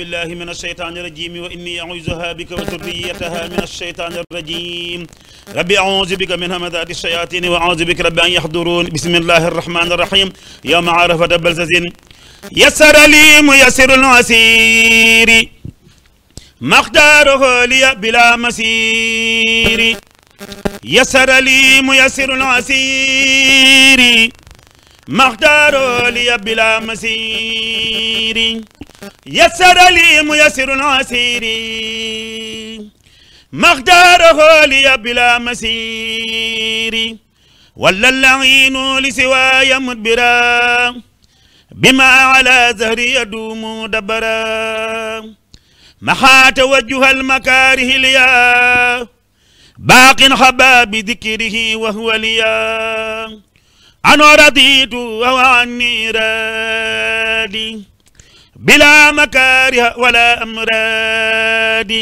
بالله من الشيطان الرجيم وإني أعوذها بك وذريتها من الشيطان الرجيم ربي أعوذ بك من همذات الشياطين وأعوذ بك رب أن يحضرون بسم الله الرحمن الرحيم يوم عرفة بلززين يسر لي ميسر العسير مقداره لي بلا مسير يسر لي ميسر العسير مقداره لي بلا مسير يسر لي ميسر عسيري مختاره لي بلا مسير ولا اللعين لسواي مدبرا بما على زهري يدوم دبرا محا توجه المكاره ليا باق خبا بذكره وهو ليا أنا رضيت وهو عني رادي بلا مكاره ولا أمراد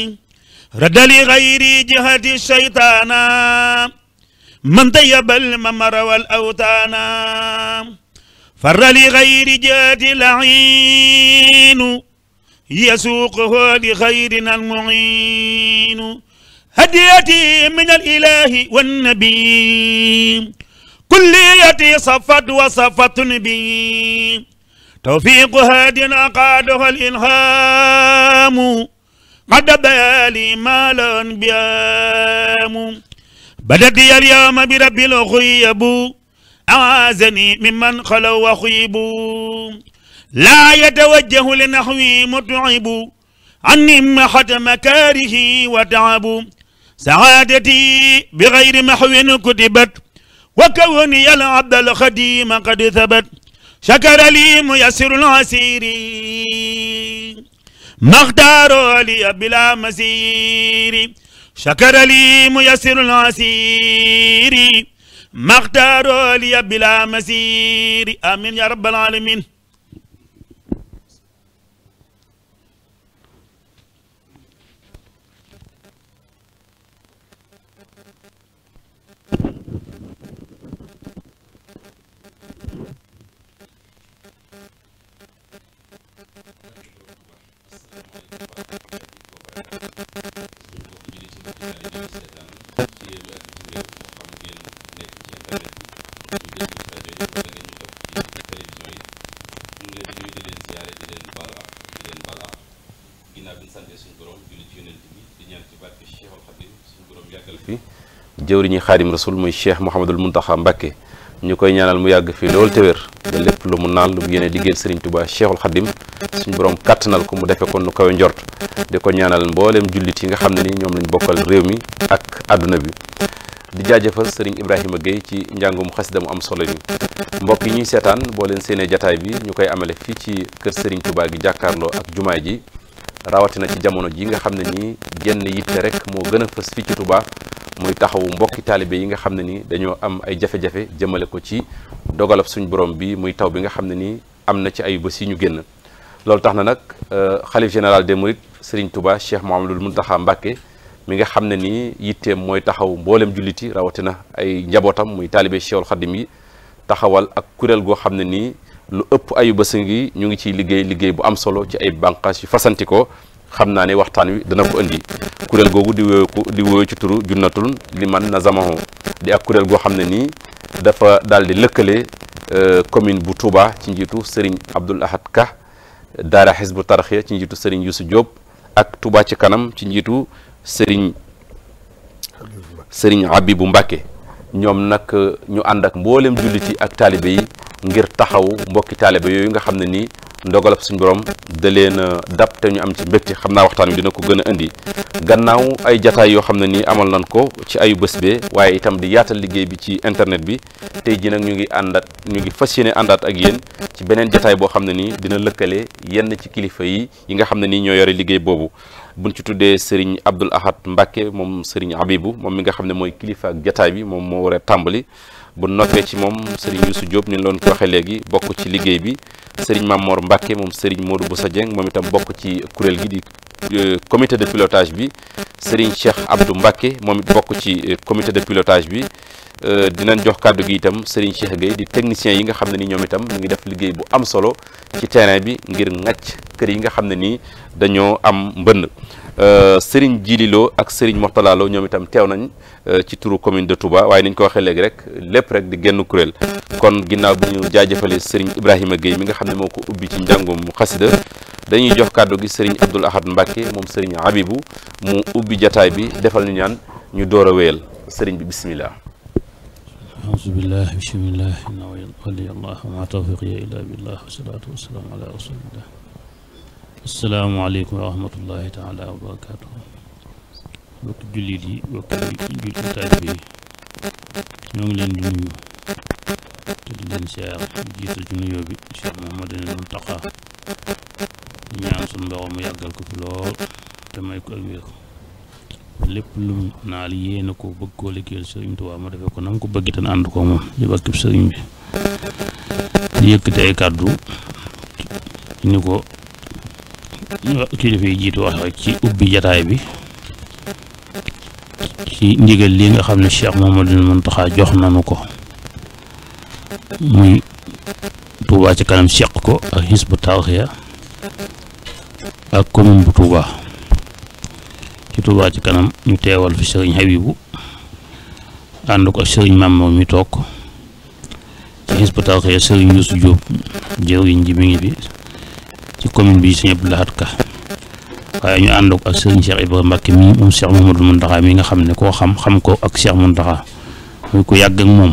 رد لغير جهة الشيطان من طيب الممر والأوتان فر لغير جهة العين يسوقه لخيرنا المعين هديتي من الإله والنبي كليتي صفت وصفت بي توفيق هاد أقاده الإنغام قد بالي ما الأنبيام بدت اليوم برب الخيب أعازني ممن خلوا وخيب لا يتوجه لنحوي متعب عني ختم كاره وتعب سعادتي بغير محو كتبت وكوني العبد الخديم قد ثبت شكر لي ميسر العسير مختار لي بلا مسير شكر لي ميسر العسير مختار لي بلا مسير آمين يا رب العالمين jëwriñu xaadim rasul muy cheikh Mouhamadul Mountakha Mbacké ñu koy ñaanal mu yàgg fii loolu te wér ba lépp lu mu naan lu mu yéene liggéeyal Serigne Touba Cheikhul Khadim suñu borom kàttanal ko mu defee ko nu kawe njort di ko ñaanal mbooleem jullit yi nga xam ne ni ñoom lañ bokkal réew mi ak àdduna bi di jaajëfal Serigne Ibrahima Gueye ci njàngum de mu am solo mi mbokk yi ñuy seetaan boo leen seenee jataay bi ñu koy amale fii ci kër Serigne Touba gi jàkkaarloo ak jumaay ji rawatina ci jamono ji nga xam ne nii genn yitte rek moo gën a fës ficc ci Touba muy taxawu mbokki taalibe yi nga xam ne nii dañoo am ay jafe-jafe jëmale ko ci dogalab suñ borom bi muy taw bi nga xam ne nii am na ci ay bés ñu génn loolu tax na nag euh, xalif général des mourides Serigne Touba Cheikh mun Mountakha Mbacké mi nga xam ne nii yitteem mooy taxaw mboolem julliti rawatina ay njabootam muy taalibe Cheikhul Khadim yi taxawal ak kuréel goo xam ne nii lu ëpp ayu basa ngi ñu ngi ciy liggéey liggéey bu am solo ci ay bànqaas yu fasanti xam naa ne waxtaan wi dana ko indi kuréel googu di wooyu di wooyu ci turu junnatul liman nazamahu di ak kuréel goo xam ne nii dafa daal di lëkkale euh, commune bu Touba ci njiitu sëriñ Abdoul Ahad Ka daara Hizbu Tarxiya ci njiitu Serigne Youssou Diop ak Touba ci kanam ci njiitu sëriñ Serigne Abibou Mbacke ñoom nag euh, ñu ànd ak mboolem jullit yi ak taalibe yi ngir taxaw mbokki taaliba yooyu nga xam ne nii ndogalab suñ borom da leen a dab te ñu am ci mbégte xam naa waxtaan wi dina ko gën a indi gannaaw ay jataay yoo xam ne nii amal nañ ko ci ayu bés bee waaye itam di yaatal liggéey bi ci internet bi tey ji nag ñu ngi àndaat ñu ngi fas yéene àndaat ak yéen ci beneen jataay boo xam ne nii dina lëkkale yenn ci kilifa yi yi nga xam ne nii ñoo yore liggéey boobu buñ ci tuddee sëriñ Abdul Ahad Mbacke moom sëriñ Abibu moom mi nga xam ne mooy kilifa ak jataay bi moom moo war a tàmbali bu noppee ci moom sëriñ Youssou Diop ni loon ko waxee léegi bokk ci liggéey bi sëriñ Mamor Mbacke moom sëriñ Modou sa Dieng moom itam bokk ci kuréel gi di euh, comité de pilotage bi sëriñ Cheikh Abdou Mbacke moom bokk ci euh, comité de pilotage bi euh, dinañ jox kàddu gi itam sëriñ Cheikh Gueye di technicien yi nga xam ne ni ñoom itam ñu ngi def liggéey bu am solo ci terrain bi ngir ngàcc kër yi nga xam ne nii dañoo am mbënd Euh, Serigne Djililo ak sëriñ Moxtala ñoom itam teew nañ euh, ci turu commune de tuba waaye ni ñu ko waxee léegi rek lépp rek di génn kuréel kon ginnaaw bi ñu jaajëfalee Serigne Ibrahima Gueye mi nga xam ne moo ko ubbi ci njàngum xasida dañuy jox kàddu gi Serigne Abdoul Ahad Mbacke moom Serigne Habibou mu ubbi jataay bi defal ñu ñaan ñu door a wéyal Serigne bi bisimilah. alhamdulilah asalaamaaleykum wa rahmatullahi taala wa barakaatu bokki jullit yi bokki jullit taalibe yi ñoo ngi leen di nuyu te di leen siyaar jiital ci bi Cheikh Mouhamadou Mountakha ñaan suñu borom ko fi te may ko bëgg koo liggéeyal sëriñ Tuubaa ma defee ko na mu ko bëgg te ànd di ay kàddu ni ko kilifa yi jiitu wax rek ci ubbi jataay bi ci ndigal lii nga xam ne Cheikh Mouhamadoul Mountakha jox nanu ko muy Touba ci kanam seq ko ak Hizbu Tarxiya ak commune bu Touba ci Touba ci kanam ñu teewal fi sëriñ Habibu ànd ko ak sëriñ Mamour mi toog ci Hizbu Tarxiya sëriñ Youssou Diop jëwriñ ji mi ngi fi ci commune bi sëñ Abdou Lahad Ka waaye ñu ànd ak sëriñ Cheikh Ibrahima Mbacke mi moom Cheikh Mouhamadou Mountakha mi nga xam ne koo xam xam ko ak Cheikh Mountakha muy ku yàgg ak moom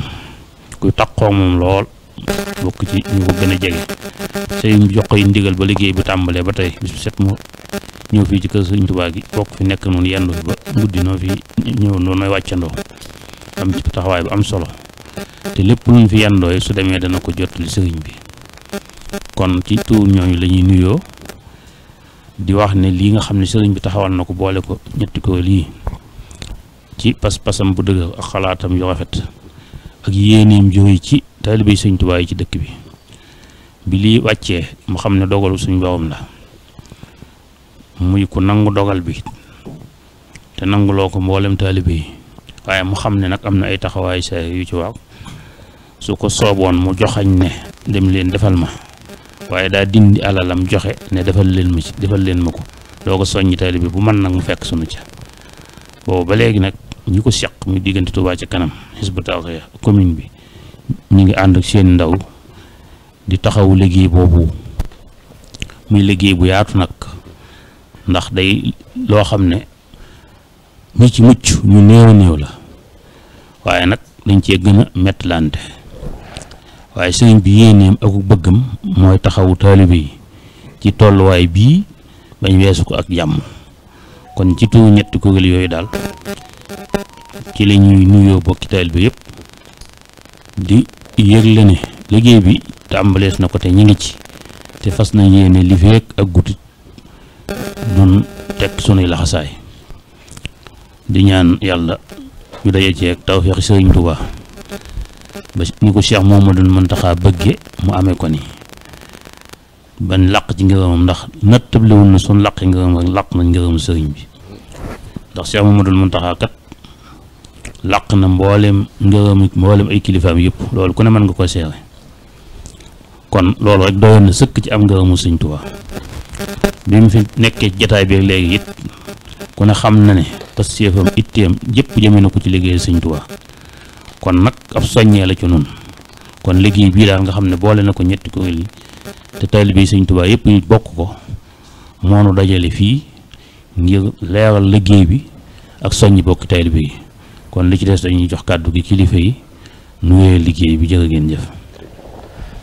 ku taqoo moom lool bokk ci ñu a jege sëriñ jox ko yi ndigal ba liggéey bi tàmbalee ba tey bis bu set mu ñëw fii ci kër sëriñ Tuubaa gi bokk fi nekk noonu yendu fi ba guddi noo fi ñëw noonu nooy wàccandoo am taxawaay bu am solo te lépp luñ fi yendoo su demee dana ko jottali sëriñ bi kon ci tuur ñooñu la ñuy nuyoo di wax ne lii nga xam ne sëriñ bi taxawal na ko boole ko ñetti ko lii ci pas-pasam bu dëgër ak xalaatam yu rafet ak yéeneem jóoy ci taalibey sëñ Tuubaa ci dëkk bi bi lii wàccee mu xam ne dogalu suñu borom la muy ku nangu dogal bi te nanguloo ko mboolem taalibe yi waaye mu xam ne nag am na ay taxawaayu saa yu ci waaw su ko sooboon mu joxañ ne dem leen defal ma waaye daa dindi alalam joxe ne defal leen ma ci defal leen ma ko doo ko soññi taalibe bu mën nag mu fekk sunu ca boobu ba léegi nag ñi ko seq mu diggante Touba ca kanam Hizbut Tarqiyyah commune bi ñu ngi ànd ak seen ndaw di taxaw liggéey boobu muy liggéey bu yaatu nag ndax day loo xam ne mu ci mucc ñu néew néew la waaye nag dañ cee gën a waaye sëriñ bi yéeneem ak bëggam mooy taxawu taalibe yi ci tolluwaay bii bañ weesu ko ak jàmm kon ci tuur ñetti kuréel yooyu daal ci la nuyoo bokki taalibe yëpp di yëgle ne liggéey bi tàmbalees na ko te ñu ngi ci te fas na yéene li feek ak gutit dun teg sunuy laxasaay di ñaan yàlla ñu daje ceeg tawfeexi sëriñ Tuubaa ba ni ko Cheikh Mouhamadoul Mountakha bëgge mu amee ko ni ban làq ci ngërëmam ndax nattablewul na sun làqi ngërëm rek làq nañ ngërëmu sëriñ bi ndax Cheikh làq na mboolem ngërëm mboolem ay kilifaam yëpp loolu ku ne mën nga ko seere kon loolu rek doyoon na sëkk ci am ngërëmu sëriñ Tuubaa bi mu fi nekkee jataay bi léegi it ku ne xam na ne tas séefam itteem jëpp jëmee na ko ci liggéey sëriñ Tuubaa kon nag ab soññee la ci nun kon liggéey bii daal nga xam ne boole na ko ñetti kuréel yi te taalibe yi Sëñ Tuubaa yëpp yi bokk ko moonu dajale fii ngir leeral liggéey bi ak soññ bokk taalibe yi kon li ci des dañuy jox kàddu gi kilifa yi nuyee liggéey bi jërë ngeen jëf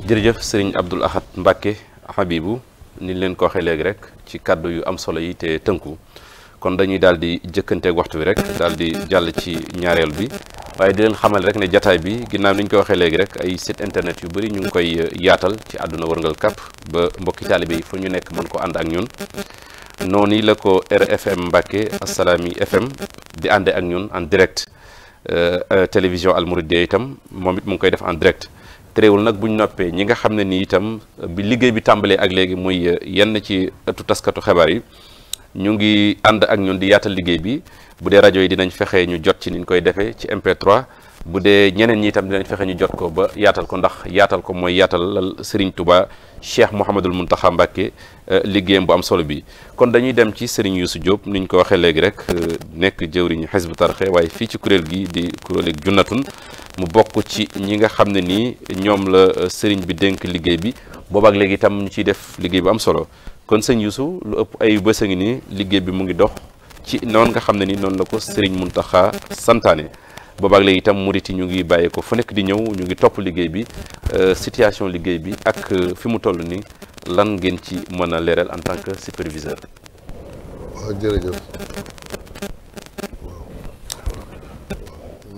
jërëjëf sëriñ Abdul Ahad Mbàkke Habibu ni leen ko waxee léegi rek ci kàddu yu am solo yi te tënku kon dañuy daal di jëkkanteeg waxtu bi rek daal di jàll ci ñaareel bi waaye di leen xamal rek ne jataay bi ginnaaw ni ñu koy waxee léegi rek ay site internet yu bëri ñu ngi koy euh, yaatal ci àdduna wërngal kàpp ba mbokki taalibe yi fa ñu nekk mën ko ànd ak ñun noonu la ko RFM Mbacke Assalaamy FM di àndee ak ñun en direct euh, euh, télévision Al Mouridiyyah itam moom it mu ngi koy def en direct terewul nag bu ñu noppee ñi nga xam ne nii itam bi liggéey bi tàmbalee ak léegi muy yenn ci ëttu taskatu xibaar yi ñu ngi ànd ak ñun di yaatal liggéey bi bu dee rajo yi dinañ fexe ñu jot ci niñ koy defee ci MP3 bu dee ñeneen ñi itam dinañ fexe ñu jot ko ba yaatal ko ndax yaatal ko mooy yaatalal Serigne tubaa Cheikh Mouhamadul Mountakha Mbacké euh, liggéeyam bu am solo bi kon dañuy dem ci Serigne Youssou Diop niñ ko waxee léegi rek euh, nekk jëwriñu xes Hizbut Tarqiyyah waaye fii ci kuréel gi di kuréel Junnatun mu bokk ci ñi nga xam ne nii ñoom la euh, Serigne bi dénk liggéey bi boobaak léegi itam ñu ciy def liggéey bu am solo kon sëñ Youssou lu ëpp ay bés a ngi nii liggéey bi mu ngi dox ci noonu nga xam ne ni noonu la ko sëriñ Serigne taxa santaane boobaak léegi itam murit yi ñu ngi bàyyi ko fu nekk di ñëw ñu ngi topp liggéey bi euh, situation liggéey bi ak euh, fi mu toll ni lan ngeen ci mën a leeral en tant que superviseur. waaw jërëjëf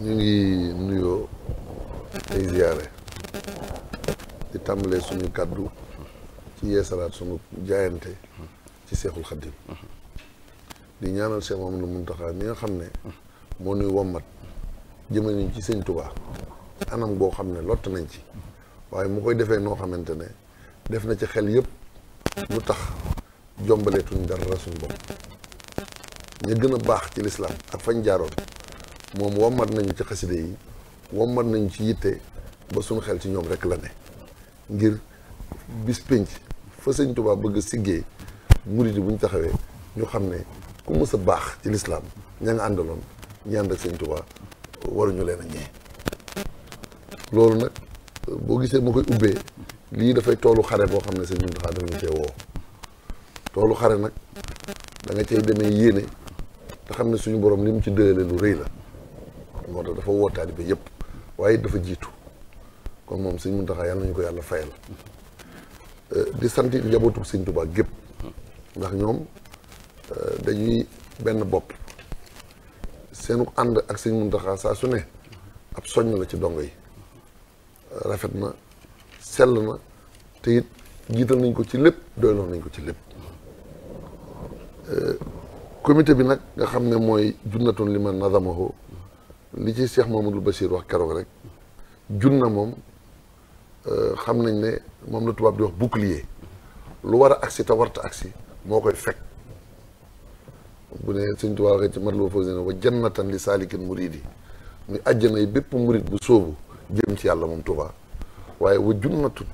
ñu ngi nuyoo ay ziare di tàmbalee suñu kàddu. ci salaat sunu jaayante ci seexul xaddim di ñaanal Cheikh Mamadou Muntaxa mi nga xam ne moo nuy wommat jëmale ñu ci sëñ Tuubaa anam boo xam ne lott nañ ci waaye mu koy defee noo xamante ne def na ci xel yëpp lu tax jombaleetuñ dara suñ bopp ñu gën a baax ci lislaam ak fañ jaaroon moom wommat nañu ci xaside yi wommat nañu ci yitte ba suñu xel ci ñoom rek la ne ngir bis pénc fa sëñ Tuubaa bëgg siggee murid yi bu ñu taxawee ñu xam ne ku mës baax ci lislaam ña nga àndaloon ñi ànd ak sëñ Tuubaa waruñu leen a ñee loolu nag boo gisee ma koy ubbee lii dafay toolu xare boo xam ne sëñ Muntaxaa daf ñu cee woo toolu xare nag danga nga cay demee yéene te xam ne suñu boroom li mu ci dëgale lu rëy la moo tax dafa woo taalibe yëpp waaye dafa jiitu kon moom sëñ Muntaxaa yàlla nañu ko yàlla fay la Euh, di sant njabootu Sëñ Tuubaa gépp ndax ñoom euh, dañuy benn bopp seenu ànd ak Sëñ Muntaxa saa su ne ab soññ la ci dongo yi rafet na sell na te it jiital nañ ko ci lépp doyloo nañ ko ci lépp euh, comité bi nag nga xam ne mooy junnatoon li ma nazamaho li ci Cheikh Mamadou Bachir wax keroog rek junna moom Euh, xam nañ ne moom la tubaab di wax bouclier lu war a agsi te warta agsi moo koy fekk bu ne sëñ tubaab waxee ci mat loo fausi ne wa jannatan li saalikin muridi muy àjjana yi bépp murid bu sóobu jëm ci yàlla moom tubaab waaye wa junnatun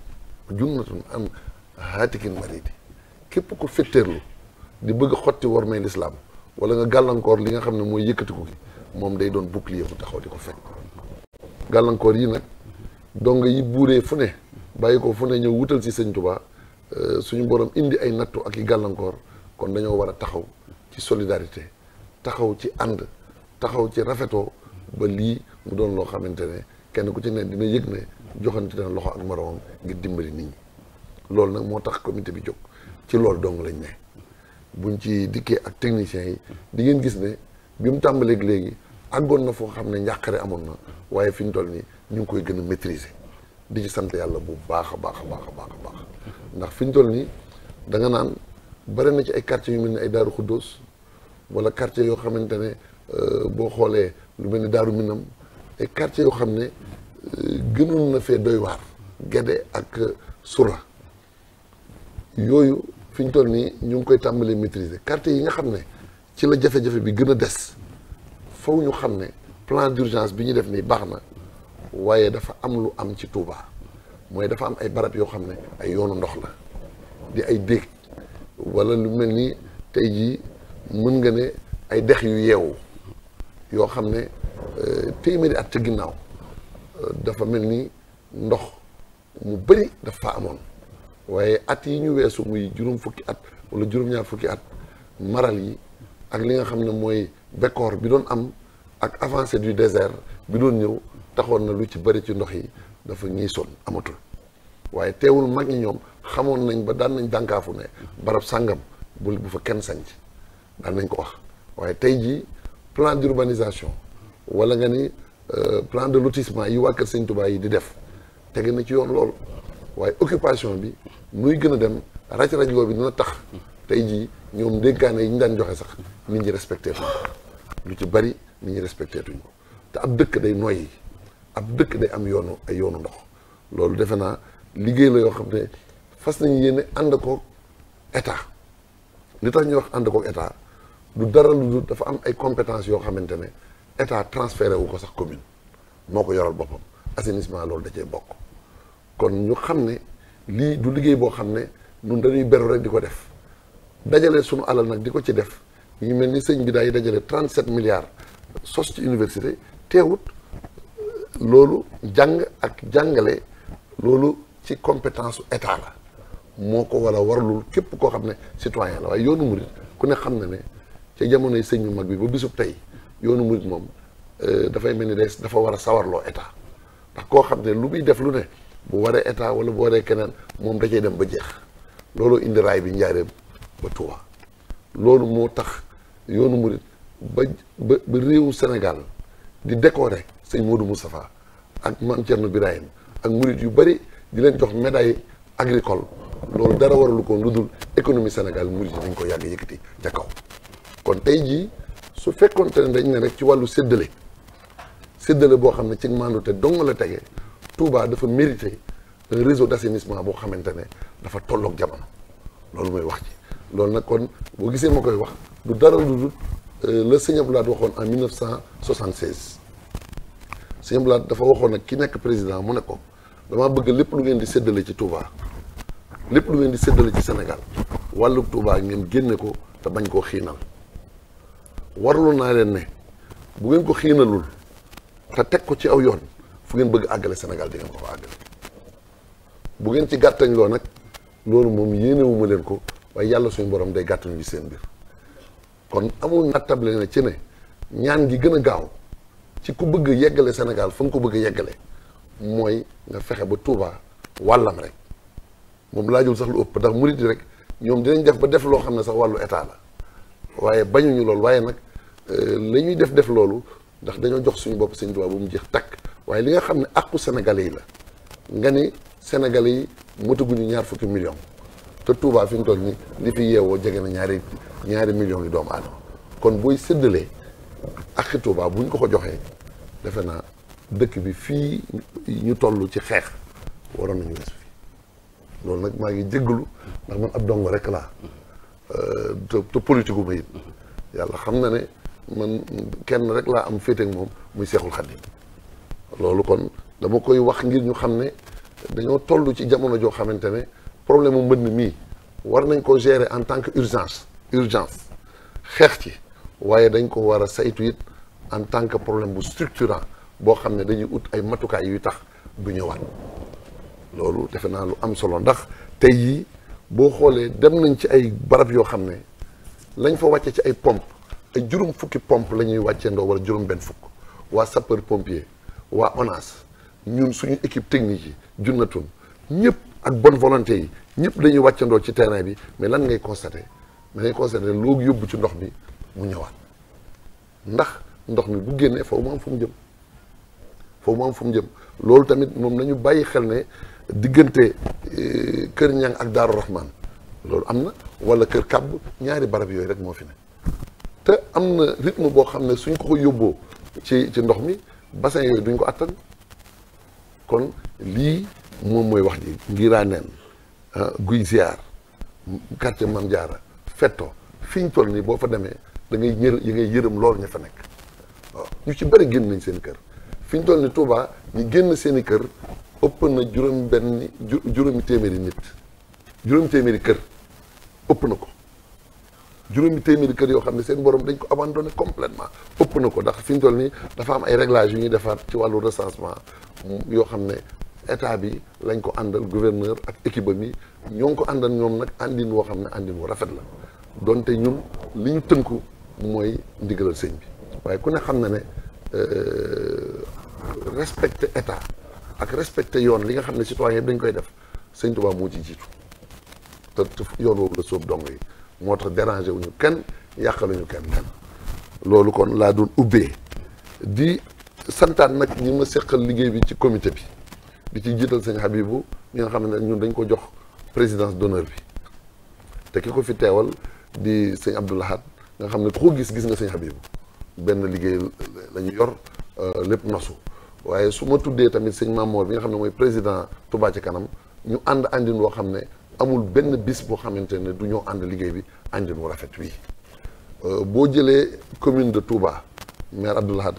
junnatun am haatikin maridi képp ku fetteerlu di bëgg xotti war may lislaam wala nga gàllankoor li nga xam ne mooy yëkkatiku gi moom day doon bouclier bu taxaw di ko fekk gàllankoor yi nag donc yi buuree fu ne bàyyi ko fu ne ñëw wutal si sëñ Tuubaa euh, suñu borom indi ay nattu ak i gàllankoor kon dañoo war a taxaw ci solidarité taxaw ci ànd taxaw ci rafetoo ba lii mu doon loo xamante ne kenn ku ci ne dina yëg ne joxante na loxo ak moroomam ngir dimbali nit ñi loolu nag moo tax comité bi jóg ci loolu dong lañ ne buñ ci dikkee ak techniciens yi di ngeen gis ne bi mu tàmbaleeg léegi àggoon na foo xam ne njàqare amoon na waaye fi ñu toll nii ñu ngi koy gën a maîtriser di ci sant yàlla bu baax a baax a baax a baax a ndax fi ñu toll nii da nga naan bare na ci ay quartiers yu mel ni ay Daaru Xuddoos wala quartier yoo xamante ne euh, boo xoolee lu mel ni Daaru Minam ay quartiers yoo xam ne euh, gënoon na fee doy waar Gede ak euh, Sura yooyu fi ñu toll nii ñu ngi koy tàmbalee maîtriser quartier yi nga xam ne ci la jafe-jafe bi gën a des faw ñu xam ne plan d'urgence bi ñu def nii baax na waaye dafa am lu am ci Touba mooy dafa am ay barab yoo xam ne ay yoonu ndox la di ay déeg walla lu mel nii tey jii mën nga ne ay dex yu yeewu yoo xam ne euh, téeméeri at ca ginnaaw euh, dafa mel ni ndox mu bëri dafa amoon waaye at yi ñu weesu muy juróom fukki at wala juróom-ñaar fukki at maral yi ak li nga xam ne mooy bekkoor bi doon am ak avancée du désert bi doon ñëw taxoon na lu ci bëri ci ndox yi dafa ñuy son amatul waaye teewul mag ñi ñoom xamoon nañ ba daan nañ dànkaafu ne barab sàngam bu bu fa kenn sanc daan nañ ko wax waaye tey jii plan d'urbanisation wala nga ni euh, plan de lotissement yi waa Kër Sëñ yi di def tege na ci yoon loolu waaye occupation bi muy gën a dem raj-raj loo bi dina tax tey jii ñoom dénkaane yi ñu daan joxe sax nit ñi respecté tuñ lu ci bari nit ñi respecté tuñ ko te ab dëkk day noyyi ab dëkk day am yoonu ay yoonu ndox loolu defe naa liggéey la yoo xam ne fas nañu yéene ànd koog état nit tax ñuy wax ànd koog état du dara lu dafa am ay compétences yoo xamante ne état transféré wu ko sax commune moo ko yoral boppam assainissement loolu da cee bokk kon ñu xam ne lii du liggéey boo xam ne ñun dañuy beru rek di ko def dajale sunu alal nag di ko ci def ñu mel ni sëñ bi daay dajale 37 milliards sos ci université teewut. loolu jàng ak jàngale loolu ci compétence état la moo ko war a warlul képp koo xam ne citoyen la waaye yoonu murit ku ne xam na ne ca jamonoy sëñ yu mag bi ba bisu tey yoonu murit moom euh, dafay mel ni day dafa war a sawarloo état ndax koo xam ne lu muy def lu ne bu waree état wala bu waree keneen moom da dem ba jeex loolu indi raay bi njaareem ba Tuuba loolu moo tax yoonu murit ba ba ba réewu Sénégal di décorer sëñ Modou Moustapha ak maam Thierno ak murit yu bëri di leen jox médaille agricole loolu dara waralu ko lu dul économie Sénégal murit yi dañ ko yàgg yëkkati ca kaw kon tey jii su fekkoonte ne dañ ne rek ci wàllu séddale séddale boo xam ne ci maandu te dong la tege Touba dafa mérité un réseau d'assainissement boo xamante ne dafa tolloog jamono loolu mooy wax ci loolu nag kon boo gisee ma koy wax du dara lu dul euh, la sëñ Abdoulaye waxoon en 1976. sëñ Blaat dafa waxoon nag ki nekk président mu ne ko damaa bëgg lépp lu ngeen di séddale ci Touba lépp lu ngeen di séddale ci senegal wàllu tuubaa ngeen génne ko te bañ koo xiinal warlu naa leen ne bu ngeen ko xiinalul te teg ko ci aw yoon fu ngeen bëgg àggale senegal di ngeen ko fa àggale bu ngeen ci gàttañ loo nag loolu moom yéenewuma leen ko waaye yàlla suñu borom day gàttañ bi seen biir kon amul nattable na ci ne ñaan gi gën a gaaw ci ku bëgg yeggale Sénégal fa ko bëgg yeggale mooy nga fexe ba Touba wàllam rek moom laajul sax lu ëpp ndax murit yi rek ñoom dinañ def ba def loo xam ne sax wàllu état la waaye bañuñu loolu waaye nag euh, la ñuy def def loolu ndax dañoo jox suñu bopp Sëñ Touba bu mu jeex takk waaye li nga xam ne àqu sénégalais yi la nga ni sénégalais yi motaguñu ñaar fukki million te Touba fi mu toll ni li fi yeewoo jege na ñaari ñaari millions yi doomu aadama kon booy séddalee ak Touba bu ñu ko ko joxee defe naa dëkk bi fii ñu tollu ci xeex waroon nañu weesu fii loolu nag maa ngi jéggalu ndax man ab dongo rek laa euh, te te politique gu yàlla xam na ne man kenn rek laa am féete moom muy Seexul Xadiim loolu kon dama koy wax ngir ñu xam ne dañoo tollu ci jamono joo xamante ne problème mu mbënn mii war nañ ko gérer en tant que urgence urgence xeex ci. waaye dañ ko war a saytu it en tant que problème bu structurant boo xam ne dañuy ut ay matukaay yuy tax bu ñëwaat loolu defe naa lu am solo ndax tey yi boo xoolee dem nañ ci ay barab yoo xam ne lañ fa wàcce ci ay pompe ay juróom fukki pompe la ñuy wàccee ndoo wala juróom benn fukk waa sapeur pompier waa ONAS ñun suñu équipe technique yi junnatun ñëpp ak bon volonté yi ñëpp dañuy wàccandoo ci terrain bi mais lan ngay constaté da ngay constaté loo yóbbu ci ndox bi mu ñëwaat ndax ndox mi bu génnee foofu mu am fu mu jëm foofu mu am fu mu jëm loolu tamit moom nañu bàyyi xel ne diggante euh, kër ñang ak daaru raxmaan loolu am na wala kër kàbb ñaari barab yooyu rek moo fi ne te am na rythme boo xam ne suñ ko ko yóbboo ci ci ndox mi bassin yooyu duñ ko attan kon lii moom mooy wax ji Ngiraneen ah, guy ziar quartier Mame Diarra fetto fiiñ ñu toll nii boo fa demee da ngay yër da yërëm loolu ñu fa nekk waaw ñu ci bëri génn nañ seen kër fi ñu toll ni Touba ñu génn seen i kër ëpp na juróom benn juróomi téeméeri nit juróomi téeméeri kër ëpp na ko juróomi téeméeri kër yoo xam ne seen boroom dañ ko abandonné complètement ëpp na ko ndax fi ñu toll nii dafa am ay réglages yu ñuy defaat ci wàllu recensement yoo xam ne état bi lañ ko àndal gouverneur ak équipe bi ñoo ngi ko àndal ñoom nag àndin woo xam ne àndin wu rafet la donte ñun li ñu tënku mooy ndigalal sëñ bi waaye ku ne xam na ne euh, respecter état ak respecter yoon li nga xam ne citoyen yëpp dañ koy def sëñ Tuubaa moo ci jiitu te yoon woowu la sóob dong yi moo tax dérangé wuñu kenn yàqaluñu kenn kenn loolu kon laa doon ubbee di santaan nag ñi ma seqal liggéey bi ci commité bi di ci jiital sëñ Habibu mi nga xam ne ñun dañ ko jox présidence d'honneur bi te ki ko fi teewal di sëñ Abdoulahat nga xam ne ko gis gis nga sëñ Habib benn liggéey lañu ñu yor euh, lépp nosu waaye su ma tuddee tamit sëñ Mamoor bi nga xam ne mooy président Touba ci kanam ñu ànd àndin woo xam ne amul benn bis boo xamante ne du ñoo ànd liggéey bi àndin wu rafet wii euh, boo jëlee commune de Touba maire Abdou Lahad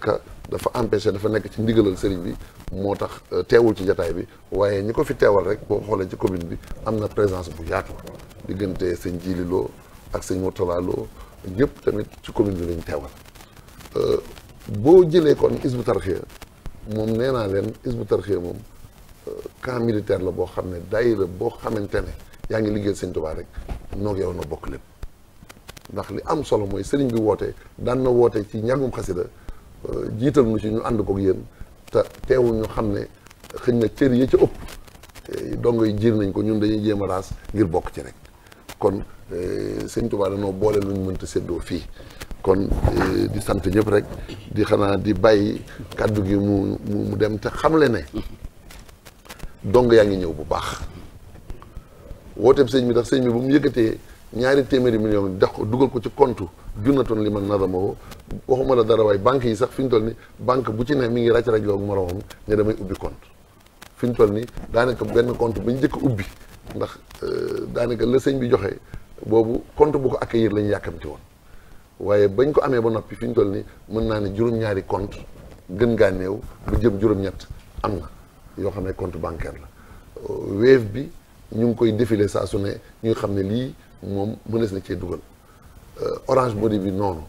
dafa empêché dafa nekk ci ndigalal sëriñ bi moo tax euh, teewul ci jataay bi waaye ñi ko fi teewal rek boo xoolee ci commune bi am na présence bu yaatu diggante sëñ Jili ak sëñ Mourtala Lo ñëpp tamit ci commune bi lañ teewal euh, boo jëlee kon Hizbut Tarqiyyah moom nee naa leen Hizbut moom euh, camp militaire la boo xam ne day la boo xamante ne yaa ngi liggéey Sëñ Tuubaa rek noog yow na bokk lépp ndax li am solo mooy sëriñ bi wootee daan na woote ci ñàggum xasida euh, jiital nu ci ñu ànd koog yéen te teewul ñu xam ne xëñ na cër yi ca ëpp eh, dongo yi jiir nañ ko ñun dañuy jéem a raas ngir bokk ci rek kon eh, sëñ Tuubaa danoo boole lu ñu mënta séddoo fii kon eh, di sant ñëpp rek di xanaa di bàyyi kàddu gi mu mu dem te xamle ne dong yaa ngi ñëw bu baax wooteeb sëñ bi ndax sëñ bi bu mu yëkkatee ñaari téeméeri million def ko dugal ko ci compte junnatoon li man nadamawo waxuma la dara waaye banque yi sax fi ñu toll ni banque bu ci ne mi ngi ràcc ràcc loo ak moromam ne damay ubbi compte fi ñu toll ni daanaka benn compte ba ñu njëkk ubbi ndax euh, daanaka la sëñ bi joxe boobu compte bu ko accueillir la ñu yàkkamti woon waaye bañ ko amee ba noppi fi ñu toll ni mën naa ne juróom-ñaari compte gën gaa néew lu jëm juróom-ñett am na yoo xam ne compte bancaire la euh, Wave bi ñu ngi koy défilé saa su ne ñu xam ne lii moom mënees na cee dugal euh, Orange Money bi noonu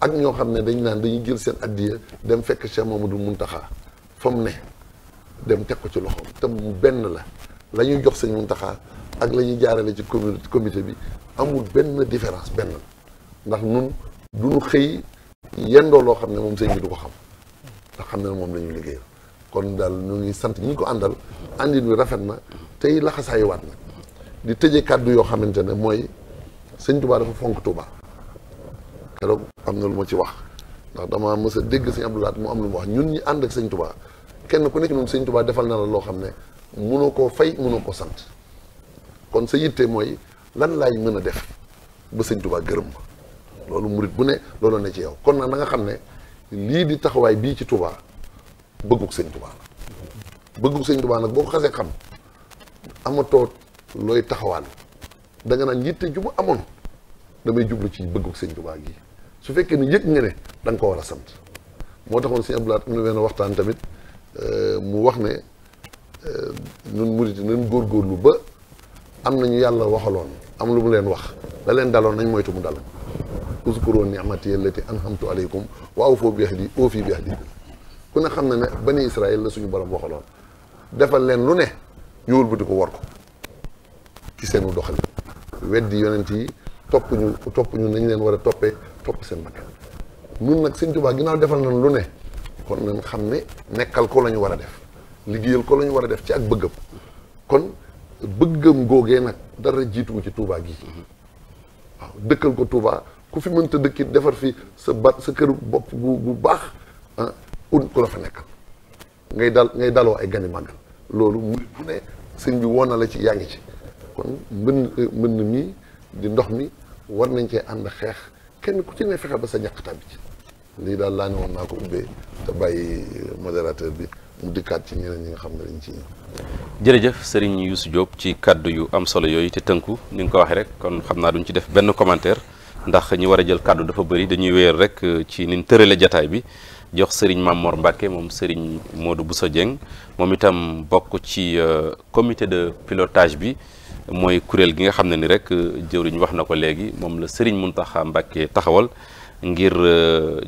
ak ñoo xam ne dañ naan dañuy jël seen addiya dem fekk Cheikh Mamadou Muntaxa fa mu ne dem teg ko ci loxoom te mu benn la la ñuy jox sëñ Muntaxa ak la ñuy jaarale ci comité bi amul benn différence benn ndax nun du ñu xëy yendoo loo xam ne moom sëñ bi du ko xam ndax xam ne moom lañuy liggéey liggéeyal kon daal ñu ngi sant ñi ko àndal àndin wi rafet na tey laxasaayu waat na di tëjee kàddu yoo xamante ne mooy sëñ Touba dafa fonk tubaa keroog am na lu ma ci wax ndax dama mës a dégg sëñ Abdou Lahat mu am lu mu wax ñun ñi ànd ak sëñ Touba kenn ku nekk ñun sëñ Touba defal na la loo xam ne mënoo koo fay mënoo ko sant kon sa yitte mooy lan laay mën a def ba sëñ Tuubaa gërëm ma loolu murit bu ne loolu ne ci yow kon nag na nga xam ne lii di taxawaay bii ci Tuubaa bëgguk sëñ Tuubaa la bëgguk sëñ Tuubaa nag boo xasee xam amatoo looy taxawaalu da nga naan yitte ju amoon damay jublu ci bëgguk sëñ Tuubaa gi su fekkee ni yëg nga ne da nga ko war a sant moo taxoon sëñ Abdoulaye am na benn waxtaan tamit euh, mu wax ne Euh, nun murit góor góorgóorlu ba am nañu yàlla waxaloon am lu mu leen wax la leen daloon nañ moytu mu dal uskuroo ni'mati allati an'amtu aleykum wa awfoo bi ahdi oofi bi ahdi ku ne xam na ne bani Israël la suñu borom waxaloon defal leen lu ne ñu wëlbati ko war ko ci seenu doxal weddi yonent yi topp ñu topp ñu nañ leen war a toppee topp seen bakkan nun nag seen Tuubaa ginnaaw defal na lu ne kon nañ xam ne nekkal ko la ñu war a def liggéeyal ko lañu war a def ci ak bëggam kon bëggam googee nag dara jiituwu ci Touba gi waaw dëkkal ko tuubaa ku fi mënta dëkkit defar fi sa bat sa kër bopp gu bu baax ah ut ku la fa nekkal ngay dal ngay daloo ay gani màggal loolu muy bu ne sëñ bi woon na la ci yaa ngi ci kon mbënn mbënn mi di ndox mi war nañ cee ànd xeex kenn ku ci ne fexe ba sa ñàkk tàbbi ci lii daal laa ne woon naa ko ubbee te bàyyi modérateur bi mu dikkaat ci nga xam ne dañ ci ñëw. sëriñ Youssou Diop ci kàddu yu am solo yooyu te tënku ni nga ko waxee rek kon xam naa duñ ci def benn commentaire ndax ñi war a jël kàddu dafa bëri dañuy wéer rek euh, ci niñ tërale jataay bi jox sëriñ Mamor Mbacke moom sëriñ bu sa Dieng moom itam bokk ci euh, commité de pilotage bi mooy kuréel gi nga xam ne ni rek euh, jëwriñ wax na ko léegi moom la sëriñ Mountakha Mbacke taxawal ngir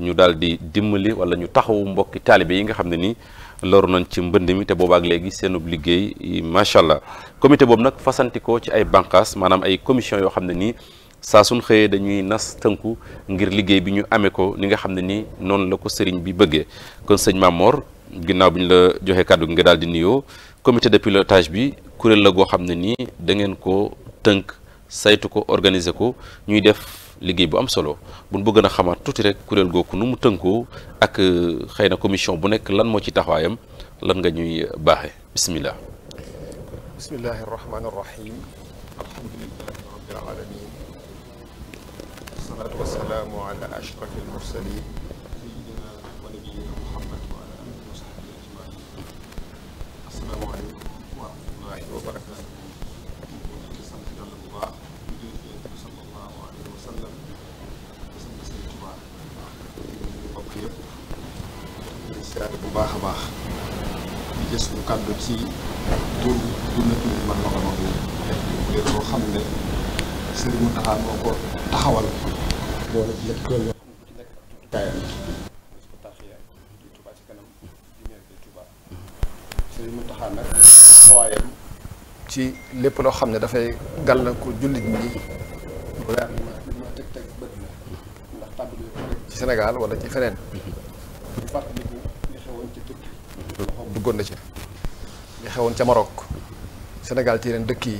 ñu daal di dimbali wala ñu taxawu mbokki taalibe yi nga xam ne nii loru nañ ci mbënd mi te ak léegi seenub liggéey macha allah comité boobu nag fasantikoo ci ay bànqaas maanaam ay commission yoo xam ne nii saa suñ xëyee dañuy nas tënku ngir liggéey bi ñu amee ko ni nga xam ne nii noonu la ko sëriñ bi bëggee kon sëñ Mamor ginnaaw bi ñu la joxee kàddu gi nga daal di nuyoo comité de pilotage bi kuréel la goo xam ne nii da ngeen ko tënk saytu ko organiser ko ñuy def liggéey bu am solo bu ñu bëgg a xamaat tuuti rek kuréel googu nu mu tënkoo ak euh, xëy na commission bu nekk lan moo ci taxawaayam lan nga ñuy euh, baaxe bismillah bismillahi arrahmani arrahim alhamdulillahi rabbil alamin wa siyaar bu baax a baax di kàddu ci tur xam ne Sëriñ ko taxawal loolu lépp loolu ci nekk ak jumtukaayam nag taxawaayam ci lépp loo xam ne dafay gàll ko jullit ñi loolu yaa ma teg teg bët la ci Sénégal wala ci feneen xewoon ci tukki duggoon na ci li xewoon ca Maroc Sénégal ci yeneen dëkk yi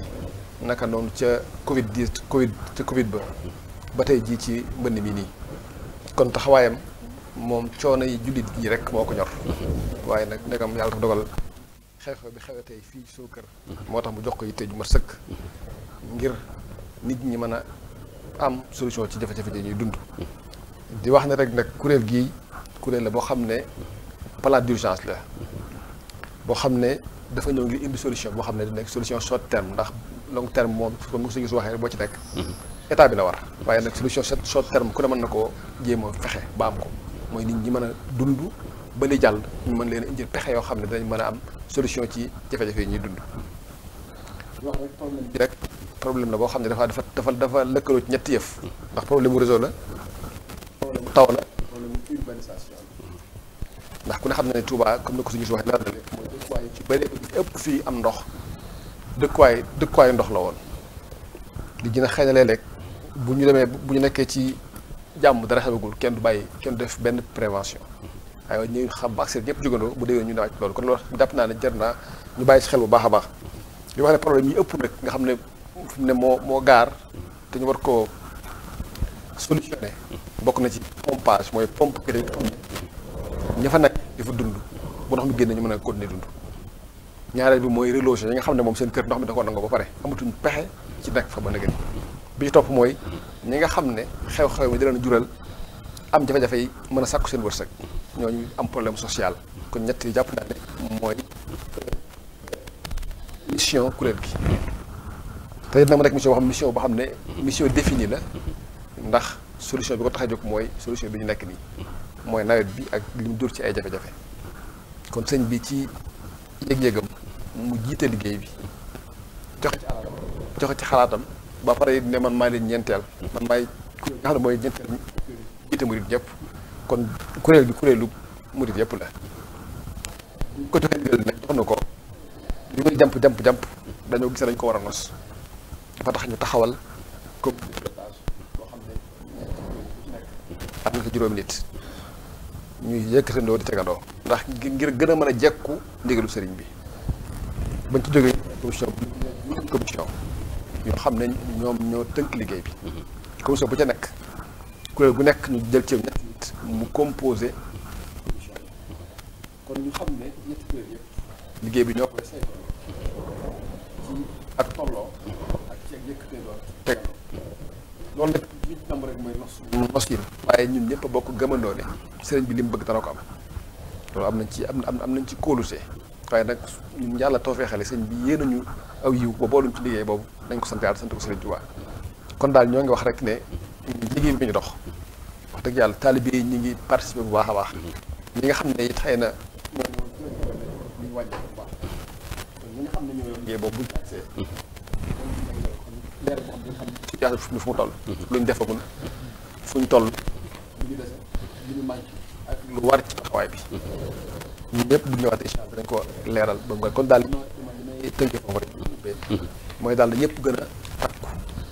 naka noonu ca covid 10 covid ca covid ba ba tey jii ci mbënn mi nii kon taxawaayam moom coono yi jullit yi rek moo ko ñor waaye nag ndegam yàlla dafa dogal xew-xew bi xewee tey fii sunu kër moo tax mu jox ko yitte ju ma sëkk ngir nit ñi mën a am solution ci jafe-jafe yi ñuy dund di wax ne rek nag kuréel gii kuréel la boo xam ne plan d'urgence la boo xam ne dafa ñëw ngir indi solution boo xam ne da nekk solution short terme ndax long terme moom comme mo suñu waxee boo ci nekk mhm. état bi la war waaye nag solution short terme ku ne mën na koo jéem a fexe ba am ko mooy nit ñi mën a dund ba li jàll ñu mën leen a pexe yoo xam ne dañ mën a am solution ci jafe-jafe yi ñuy dund wax rek problème bi rek problème la boo xam ne dafa dafa dafa dafa lëkkaloo ci ñetti yëf ndax problème mu réseau la problème taw la ndax ku ne xam ne ne Touba comme ni ko suñu si waxee leer na lépp mooy dëkkuwaay ci bëri ëpp fii am ndox dëkkuwaay dëkkuwaay ndox la woon li gën a xëy na léeg-léeg bu ñu demee bu ñu nekkee ci jàmm dara xewagul kenn du bàyyi kenn du def benn prévention waaye ñu xam ba accès ñëpp jógandoo bu déwénee ñu nawaat ci loolu kon loolu jàpp naa ne jar naa ñu bàyyi ci xel bu baax a baax li wax ne problème yi ëpp nag nga xam ne fi mu ne moo moo gaar te ñu war koo solutionné bokk na ci pompage mooy pompe ña fa nekk di fa dund boo ndox mi génn ñu mën a continuer dund ñaareel bi mooy relogé yi nga xam ne moom seen kër ndox mi da ko nango ba pare amatuñ pexe ci nekk fa ba nëgën bi ci topp mooy ñi nga xam ne xew-xew mi di leen jural am jafe-jafe mën a sàkku seen wërsëg ñooñu am problème social kon ñett yi jàpp naa ne mooy mission kuréel gi te it nag mu nekk mission boo xam mission boo xam ne mission définie la ndax solution bi ko tax a mooy solution bi ñu nekk nii mooy nawet bi ak li mu jur ci ay jafe-jafe kon sëñ bi ci yëg-yëgam mu jiite liggéey bi joxe ci alalam joxe ci xalaatam ba pare ne man maa leen ñeenteel man maay kuréel nga xam ne mooy ñeenteel mi jiite murit ñëpp kon kuréel bi kuréelu murit yëpp la ko joxee ndigal nag jox na ko li muy jàmp jàmp jàmp dañoo gis dañ ko war a nos ba tax ñu taxawal comme am na fa juróomi nit ñuy yëkkatandoo di tegandoo ndax ngir gën a mën a jekku ndigalu sëriñ bi bañ ci jógee commission bu xam ne ñoom ñoo tënk liggéey bi mhm. commission bu ca nekk kuréel gu nekk ñu jël ci mu composé kon ñu xam ne liggéey bi ñoo ñëpp bokk gëmandoo ne sëriñ bi li mu bëgg dana ko am loolu am nañ ci am am nañ ci kóolute waaye nag ñun yàlla toofee xale sëriñ bi yéen ñu aw yiw ba booluñ ci liggéey boobu nañ ko sant yàlla sant ko sëriñ kon daal ñoo ngi wax rek ne bi ñu dox wax dëgg yàlla taalibe yi ñu ngi participer bu baax a baax ñi nga xam ne it xëy na ñoom wàññi bu baax ñi nga xam ne ñoo liggéey boobu fu mm-hmm. luñ defagul fu ñu toll li ñu dese li ñu lu war ci taxawaay bi ñun ñëpp du ñëwaat incha dañ ko leeral ba mu kon daal li may foofu rek mm-hmm. mooy daal na ñëpp gën a takku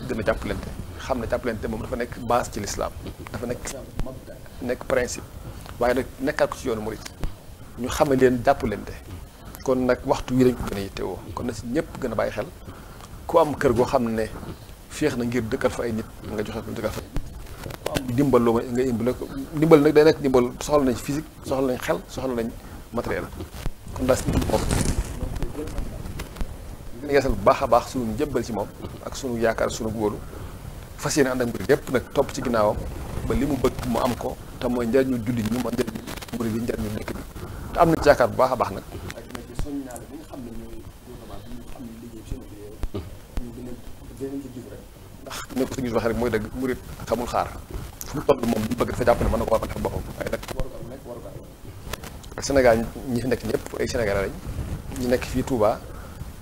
gën a jàppalante xam ne jàppalante moom dafa nekk base ci lislaam mm-hmm. dafa nekk nekk principe waaye nag nekkaat ko ci yoonu ñu xame leen jàppalante kon nag waxtu wi lañ ko gën a yittewoo kon na si ñëpp gën a bàyyi xel ku am kër goo xam ne féex na ngir dëkkal fa ay nit nga joxe ko dëkkal fa dimbal loo nga imbal dimbal nag day nekk dimbal soxla nañ physique soxla nañ xel soxla nañ matériel kon daal si moom bu baax a baax sunu njëbbal ci moom ak sunu yaakaar sunu góolu fas yéene ànd ak yépp nag topp ci ginnaawam ba li mu bëgg mu am ko te mooy njariñu jullit ñi mooy njariñu murid yi njariñu dëkk bi te am nañ ci yaakaar bu baax a baax nag ne ko suñu waxee rek mooy dëgg murit xamul xaar fu moom lu bëgg dafa jàpp man mën na ko war a def boppam ko am nekk waru ko am Sénégal ñi fi nekk ñëpp ay Sénégalais lañ ñu nekk fii Touba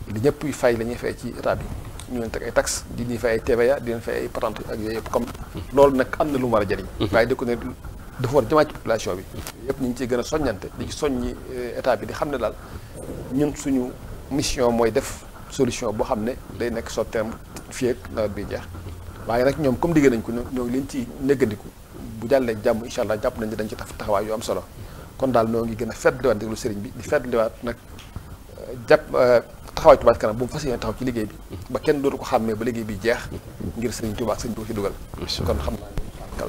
li ñëpp yu fay la ñuy fay ci état bi ñu leen teg ay taxes di ñuy fay ay TVA di leen fay ay patente ak yooyu yëpp comme loolu nag am na lu mu war a jëriñ mm-hmm. waaye di ko ne dafa war a jëmaat ci population bi yëpp ñu ngi ciy gën a soññante di ci soññi eh, état bi di xam ne daal ñun suñu mission mooy def solution boo xam ne day nekk soo terme fii nawet bi waaye nag ñoom comme diggée nañ ko ñoo ngi leen ci néggandiku bu jàllee jàmm incha allah jàpp nañ dañ ci tax taxawaay yu am solo kon daal noo ngi gën a feddliwaat déglu sëriñ bi di feddliwaat nag euh, jàpp euh, taxawaay Touba Ca bu mu fas yéene ci liggéey bi ba kenn dootu ko xàmmee ba liggéey bi jeex ngir sëriñ Touba ak sëriñ bi ko ci dugal kon xam naa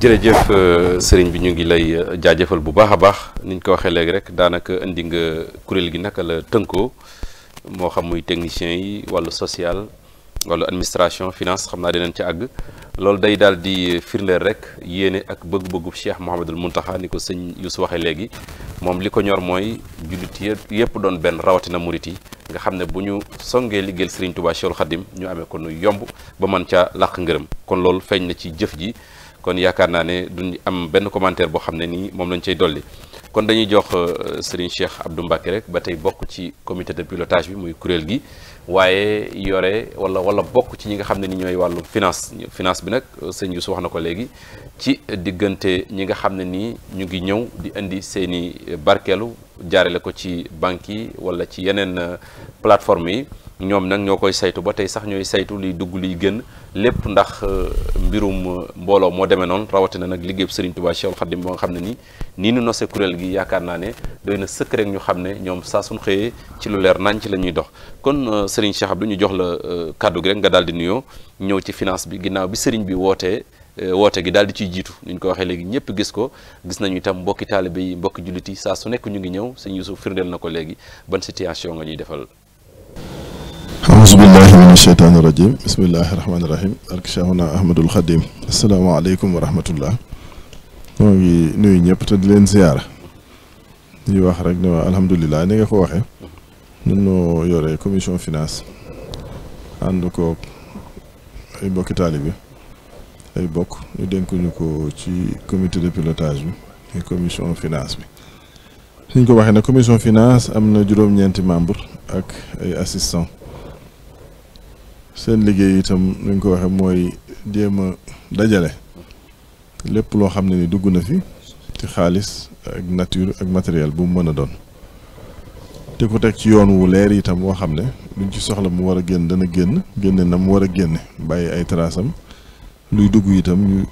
jërëjëf euh, sëriñ bi ñu ngi lay jaajëfal bu baax a baax niñ ko waxee léegi rek daanaka indi nga kuréel gi naka la tënkoo moo xam muy technicien yi wàllu social wala administration finance xam naa dinañ ci àgg loolu day daal di firndeel rek yéene ak bëgg-bëggu Cheikh Mouhamadul Mountakha ni ko sëñ su waxee léegi moom li ko ñor mooy jullit yëpp doon benn rawatina murit nga xam ne bu ñu songee liggéeyal Serigne Touba Cheikhul Khadim ñu amee ko nu yomb ba mën caa làq ngërëm kon loolu feeñ na ci jëf ji kon yaakaar naa ne duñ am benn commentaire boo xam ne nii moom lañ cay dolli. kon dañuy jox euh, Serigne Cheikh Abdou Mbacké rek ba tey bokk ci commité de pilotage bi muy kuréel gi. waaye yore wala wala bokk ci ñi nga xam ne ni ñooy wàllu finance finance bi nag euh, sëñ Youssou wax na ko léegi ci diggante ñi nga xam ne nii ñu ngi ñëw di indi seen i barkeelu jaarale ko ci banque yi wala ci yeneen euh, plateforme yi ñoom nag ñoo koy saytu ba tey sax ñooy saytu liy dugg liy génn lépp ndax euh, mbirum euh, mbooloo moo demee noonu rawatina nag liggéey bu Serigne Touba Cheikhoul Khadim ba nga xam ne nii nii ñu nose kuréel gi yaakaar naa ne na sëkk rek ñu xam ne ñoom saa suñ xëyee ci lu leer nañ ci la ñuy dox kon euh, Serigne Cheikh lu ñu jox la kàddu gi rek nga daal di nuyoo ñëw ci finance bi ginnaaw bi Serigne bi wootee woote gi daal di ciy jiitu ni ñu ko waxee léegi ñëpp gis ko gis nañu itam mbokki taalibe yi mbokki jullit yi saa su nekk ñu ngi ñëw sëñ Youssouf firndeel na ko léegi ban situation nga ñuy defal ahousubillahi min asheytaani irajim bismillahi rahmaanirahim ark cheikhuna ahmadul xadim asalaamaaleykum wa rahmatullah ñoo ngi nuyu ñëpp te di leen ziyaara di wax rek ne waa alhamdulilah ni nga ko waxee ñun noo yore commission finance ànd ko ay bokki taalibe ay bokk ñu dénkuñu ko ci comité de pilotage bi et commission finance bi suñ ko waxee nag commission finance am na juróom-ñeenti membre ak ay assistant seen liggéey itam lu ko waxee mooy jéem a dajale lépp loo xam ne ni dugg na fi ci xaalis ak nature ak matériel bu mu mën a doon te ko teg ci yoon wu leer itam woo xam ne luñ ci soxla mu war a génn dana génn génne na mu war a génne bàyyi ay trasam luy dugg itam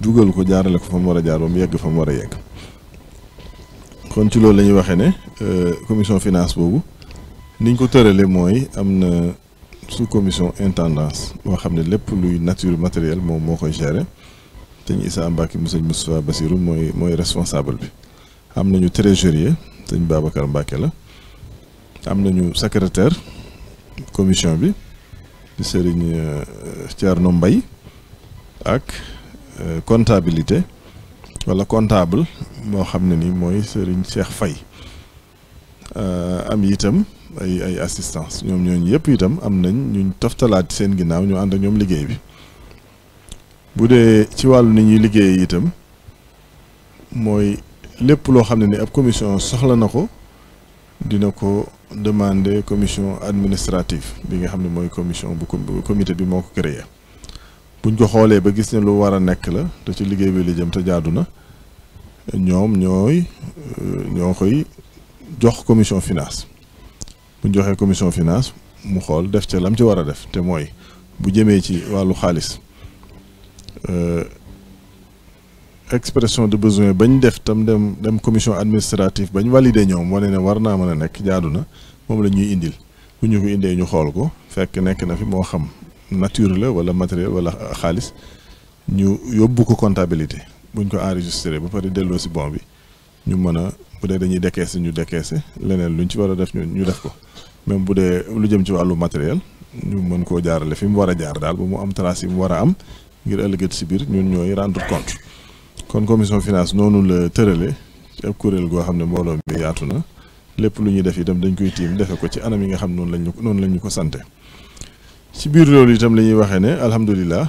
dugal ko jaarale ko fa mu war a jaar ba mu yegg fa mu war a yegg kon ci loolu lañuy ñuy waxee ne euh, commission finance boobu niñ ko tëralee mooy am na. su commission intendance boo xam ne lépp luy nature matériel moom moo koy gérer sëñ Issa Mbacke mu sëñ Moustapha Bassirou mooy mooy responsable bi am nañu trésorier sëñ Babacar Mbacke la am nañu secrétaire commission bi di sëriñ euh, Thierno Mbaye ak euh, comptabilité wala comptable moo xam ne ni mooy sëriñ Cheikh fay euh, am itam ay ay assistance ñoom ñooñu yëpp itam am nañ ñu toftalaat seen ginnaaw ñu ànd ak ñoom liggéey bi bu dee ci wàllu ni ñuy liggéey itam mooy lépp loo xam ne ni ab commission soxla na ko dina ko demander commission administrative bi nga xam ne mooy commission bu comité bi moo ko créé buñ ko xoolee ba gis ne lu war a nekk la te ci liggéey bi la jëm te jaadu na ñoom ñooy euh, ñoo koy jox commission finance bu joxe commission finance mu xool def ca lam ci war a def te mooy bu jëmee ci wàllu xaalis euh, expression de besoin bañ def tam dem dem commission administrative bañ valider ñoom wane ne war naa mën a nekk jaadu na moom la ñuy indil bu ñu ko indee ñu xool ko fekk nekk na fi moo xam nature la wala matériel wala xaalis ñu yóbbu ko comptabilité buñ ko enregistré ba pare delloo si bon bi ñu mën a bu dee dañuy décaissé ñu décaissé leneen luñ ci war a def ñu def ko même bu dee lu jëm ci wàllu matériel ñu mën koo jaarale fi mu war a jaar daal ba mu am trace yi mu war a am ngir ëllëgët si biir ñun ñooy rendre compte kon commission finance noonu la tërale ci ab kuréel goo xam ne mbooloo mi yaatu na lépp lu ñuy def itam dañ koy tiim defe ko ci anam yi nga xam noonu lañ ñu noonu lañ ko sante ci biir loolu itam la ñuy waxee ne alhamdulilah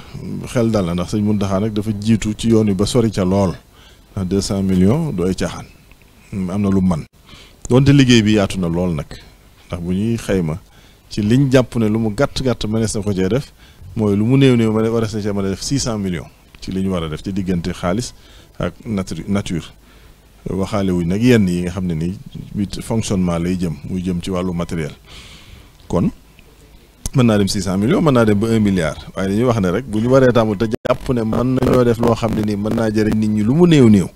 xel dal na ndax sëñ Muntaxa nag dafa jiitu ci yoon yi ba sori ca lool ndax deux cent millions du ay am na lu man doonte liggéey bi yaatu na lool nag ndax bu ñuy xayma ci liñ jàpp ne lu mu gàtt gàtt mënees na ko cee def mooy lu mu néew néew ma war a cee ma a def 600 millions ci li ñu war a def ci diggante xaalis ak nature nature waxaale wu nag yenn yi nga xam ne nii it fonctionnement lay jëm muy jëm ci wàllu matériel kon mën naa dem 600 millions mën wax ne rek bu ñu waree tàmbul te jàpp loo xam ne nii mën naa jëriñ nit ñi lu mu néew néew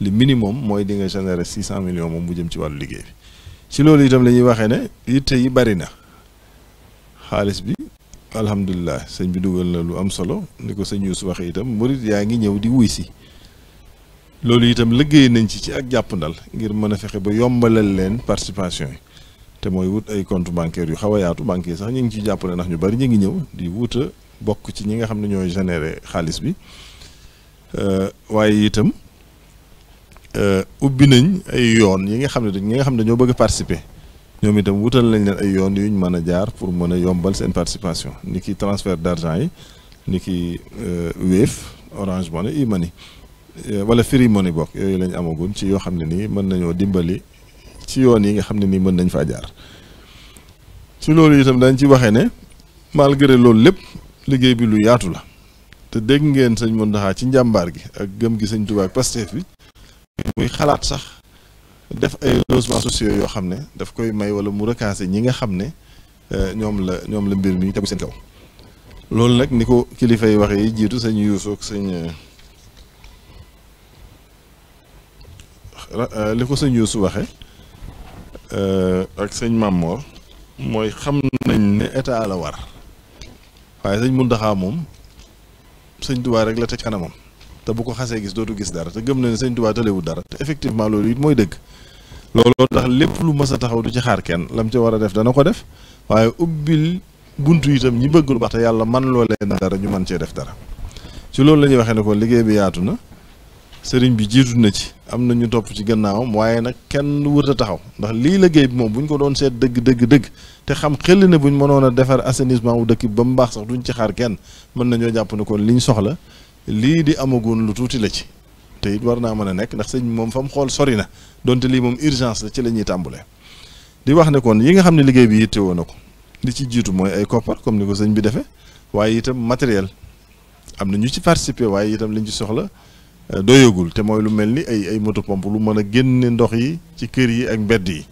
li minimum mooy di nga générer 600 millions moom mu jëm ci wàllu liggéey bi ci loolu itam lañuy ñuy waxee ne yitte yi bari na xaalis bi alhamdulilah sëñ bi dugal na lu am solo ni ko sëñ Youssou waxee itam murit yaa ngi ñëw di wuy si loolu itam liggéey nañ ci ci ak jàppandal ngir mën a fexe ba yombalal leen participation yi te mooy wut ay compte bancaire yu xaw a yaatu banque yi sax ñu ngi ciy jàppale ndax ñu bari ñu ngi ñëw di wuta bokk ci ñi nga xam ne ñooy générer xaalis bi euh, waaye itam Euh, ubbi nañ ay yoon yi nga xam ne dañ ñi nga xam ne dañoo bëgg a participer ñoom itam wutal nañ leen ay yoon yu ñu mën a jaar pour mën a yombal seen participation ni ki transfert d'argent yi ni ki euh, Wave Orange Money e-money euh, wala Free Money bokk yooyu lañ amagun ci yoo xam ne nii mën nañoo dimbali ci yoon yi nga xam ne nii mën nañ faa jaar ci loolu itam dañ ci waxee ne malgré loolu lépp liggéey bi lu yaatu la te dégg ngeen sëñ Mountakha ci njàmbaar gi ak gëm gi sëñ Tuubaa ak Pastef bi muy xalaat sax def ay logements sociaux yoo xam ne daf koy may wala mu recaser ñi nga xam ne euh, ñoom la ñoom la mbir mi tegu seen kaw loolu nag ni ko kilifa yi waxee yi jiitu sëñ Youssou ak sëñ euh, euh, li ko sëñ Youssou waxe ak sëñ Mamor mooy xam nañ ne état la war waaye sëñ Mountakha moom sëñ Tuubaa rek la teg kanamam te bu ko xasee gis dootu gis dara te gëm na ne sëñ Tuubaa tëlewul dara te effectivement loolu it mooy dëgg looloo tax lépp lu mës a taxaw du ci xaar kenn lam ci war a def dana ko def waaye ubbil buntu itam ñi bëgg lu baax yàlla man loo leen dara ñu mën cee def dara ci loolu la ñuy waxee ne kon liggéey bi yaatu na sëriñ bi jiitu na ci am na ñu topp ci gannaawam waaye nag kenn wër a taxaw ndax lii liggéey bi moom bu ñu ko doon seet dëgg dëgg dëgg te xam xel ne bu ñu mënoon a defar assainissement wu dëkk ba mu baax sax duñ ci xaar kenn mën nañoo jàpp ne kon liñ soxla lii di amagoon lu tuuti la ci te it war naa mën a nekk ndax sëñ moom fa mu xool sori na donte lii moom urgence la ci la ñuy tàmbulee di wax ne kon yi nga xam ne liggéey bi yittewoo na ko li ci jiitu mooy ay koppar comme ni ko sëñ bi defee waaye itam matériel am na ñu ci participer waaye itam lañ ci soxla euh, doyagul te mooy lu mel ni ay ay moto pompe lu mën a génne ndox yi ci kër yi ak mbedd yi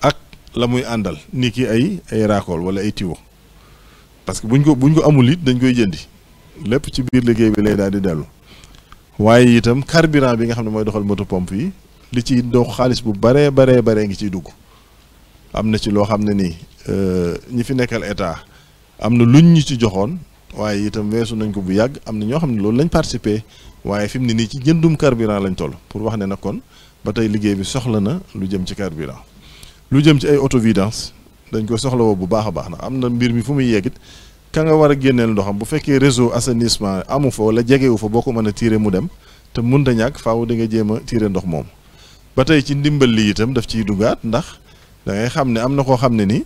ak la muy àndal ni ki ay ay raakool wala ay tiwo parce que buñ ko buñ ko amul it dañ koy jëndi lépp ci biir liggéey bi lay daal di dellu waaye itam carburant bi nga xam ne mooy doxal moto pompe yi li ciy dox xaalis bu baree baree baree ngi ciy dugg am na ci loo xam ne nii euh, ñi fi nekkal état am na luñ ñu ci joxoon waaye itam weesu nañ ko bu yàgg am na ñoo xam ne loolu lañ participer waaye fi mu ne nii ci jëndum carburant lañ toll pour wax ne na kon ba tey liggéey bi soxla na lu jëm ci carburant lu jëm ci ay auto vidange dañ ko soxla woo bu baax a baax ndax am na mbir mi fu muy yeggit ka nga war a génneel ndoxam bu fekkee réseau assainissement amu fa wala jegewu fa boo ko mën tiire mu dem te mënut a ñàkk faaw di nga jéem a tiire ndox moom ba tey ci ndimbal li itam daf ciy dugaat ndax da ngay xam ne am na koo xam ne ni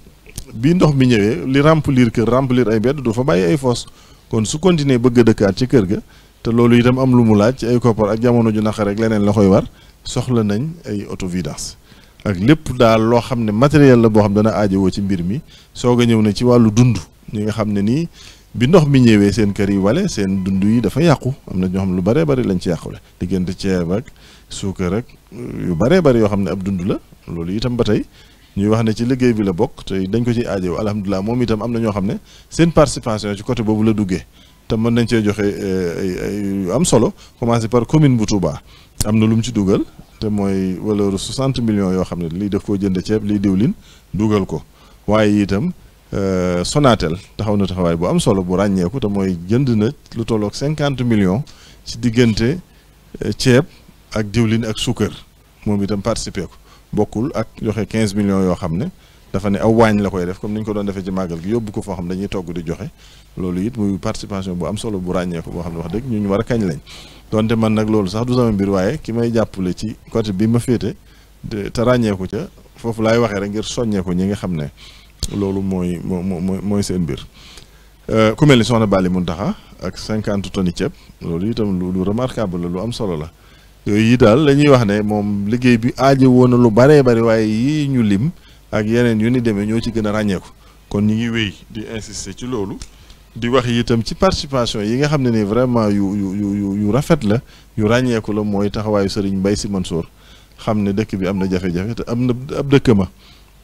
bii ndox mi ñëwee li remplir kër remplir ay bedd du fa bàyyi ay fosse kon su continuer bëgg a dëkkaat ci kër ga te loolu itam am lu mu laaj ci ay koppar ak jamono ju naqar rek leneen la koy war soxla nañ ay autovidance ak lépp daal loo xam ne matériel la boo xam dana aajowoo ci mbir mi soog a ñëw ne ci wàllu dund ñu nga xam ne nii bi ndox mi ñëwee seen kër yi wale seen dund yi dafa yàqu am na ñoo xam lu baree bari lañ ci yàqule diggante ceeb ak suukar ak euh, yu baree bari yoo xam ne ab dund la loolu itam ba tey ñuy wax ne ci liggéey bi la bokk te dañ ko ciy aajow alhamdulilah moom itam am na ñoo xam ne seen participation ci côté boobu la te mën nañ cee joxe euh, ay am solo commencé par commune bu Touba am na lu mu ci dugal te mooy valeur 60 millions yoo xam ne lii def koo jënd ceeb lii diwlin dugal ko waaye itam Euh, Sonatel taxaw na taxawaay boo am solo bu ràññeeku te mooy jënd na lu tollook cinquante million ci diggante euh, ceeb ak diwlin ak suukar moom itam participé ko bokkul ak joxe quinze millions yoo xam ne dafa ne aw waañ la koy def comme ni ñu ko doon defee ci màggal gi yóbbu ko foo xam dañuy togg di joxe loolu it muy participation bu am solo bu ràññeeku boo xam ne wax dëgg ñu ñu war a kañ lañ donte man nag loolu sax du sama mbir waaye ki may jàppule ci côté bi ma féete te ràññeeku ca foofu laay waxee rek ngir soññeeku ñi nga xam ne loolu mooy mooy mooy seen mbir euh, ku mel ni soxna Bally Mountakha ak cinquante tonnes ceeb loolu itam lu remarquable la lu am solo la yooyu yi daal la ñuy wax ne moom liggéey bi aaje woon na lu baree bari waaye yii ñu lim ak yeneen yu ni demee ñoo ci gën a ràññeeku kon ñu ngi wéy di insisté ci loolu di wax itam ci participation yi nga xam ne ni vraiment yu yu yu yu rafet la yu ràññeeku la mooy taxawaayu Serigne Mbaye Sy Mansour xam ne dëkk bi am na jafe-jafe te am na ab dëkk ma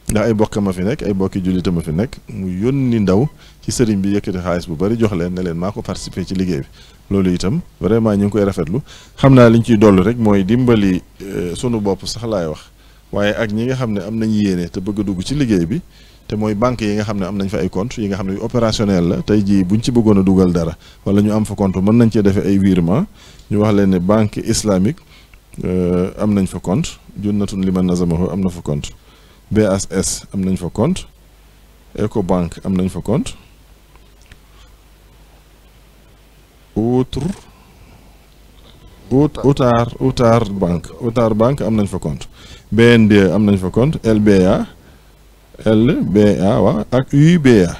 ndax ay bokkam a fi nekk ay bokki jullitam a fi nekk mu yónni ndaw ci sëriñ bi yëkkati xaalis bu bari jox leen ne leen maa ko participé ci liggéey bi loolu itam vraiment ñu ngi koy rafetlu xam naa li ñu ciy dollu rek mooy dimbali euh, sunu bopp sax laay wax waaye ak ñi nga xam ne am nañ yéene te bëgg a dugg ci liggéey bi te mooy banque yi nga xam ne am nañ fa ay compte yi nga xam ne opérationnel la tey jii buñ ci bëggoon a dugal dara wala ñu am fa compte mën nañ cee defee ay virement ñu wax leen ne banque islamique euh, am nañ fa compte junnatun liman nazamahu am na fa compte BHS am nañ fa compte Ecobank am nañ fa compte autre Otar Otar am nañ fa BND am nañ fa compte LBA LBA waa ak UBA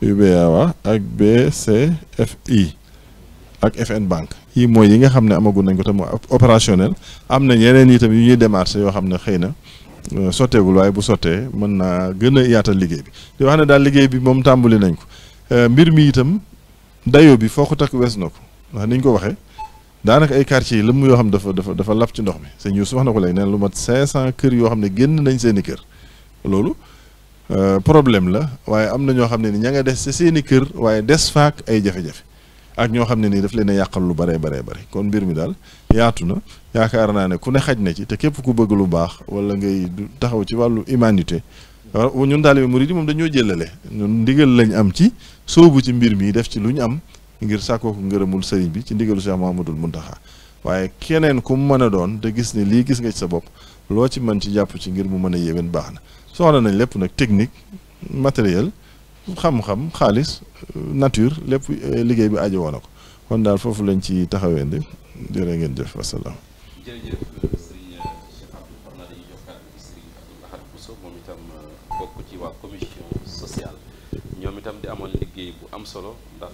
UBA waa ak BCFI ak FN banque yi mooy yi nga xam ne amagu nañ ko tam opérationnel am na yeneen yi tam yu ñuy démarché yoo xam ne xëy na Euh, sotteegul waaye bu sottee mën naa gën a yaatal liggéey bi di wax ne daal liggéey bi moom tàmbali nañ ko euh, mbir mi itam dayo bi foo ko takk wees na ko ndax ni ko waxee daanaka ay quartiers yi lëmm yoo xam dafa dafa dafa lap ci ndox mi sëñ Youssou wax na ko léegi neen lu mat 500 kër yoo xam ne génn nañ seen i kër loolu euh, problème la waaye am na ñoo xam ne ni ña nga des ci seen i kër waaye des faak ay jafe-jafe ak ñoo xam ne nii daf leen a yàqal lu baree bare bare kon mbir mi daal yaatu na yaakaar naa ne ku ne xaj na ci te képp ku bëgg lu baax wala ngay taxaw ci wàllu humanité ñun taalibe murid yi moom dañoo jëlale ñun ndigal lañu am ci sóobu ci mbir mi def ci lu ñu am ngir sàkkoo ko ngërëmul sëriñ bi ci ndigalu Cheikh Mahamadul Muntaxa waaye keneen ku mu mën a doon te gis ne lii gis nga ci sa bopp loo ci mën ci jàpp ci ngir mu mën a yéwén baax na soxla nañ lépp nag technique matériel xam xaalis nature lépp euh, liggéey bi aju woon ko kon daal foofu lañ ci taxaweendi jërë ngeen jëf wasalaam. jërëjëf sëriñ euh, Cheikh Abdou moom itam euh, bokk ci waa commission sociale ñoom itam di amoon liggéey bu am solo ndax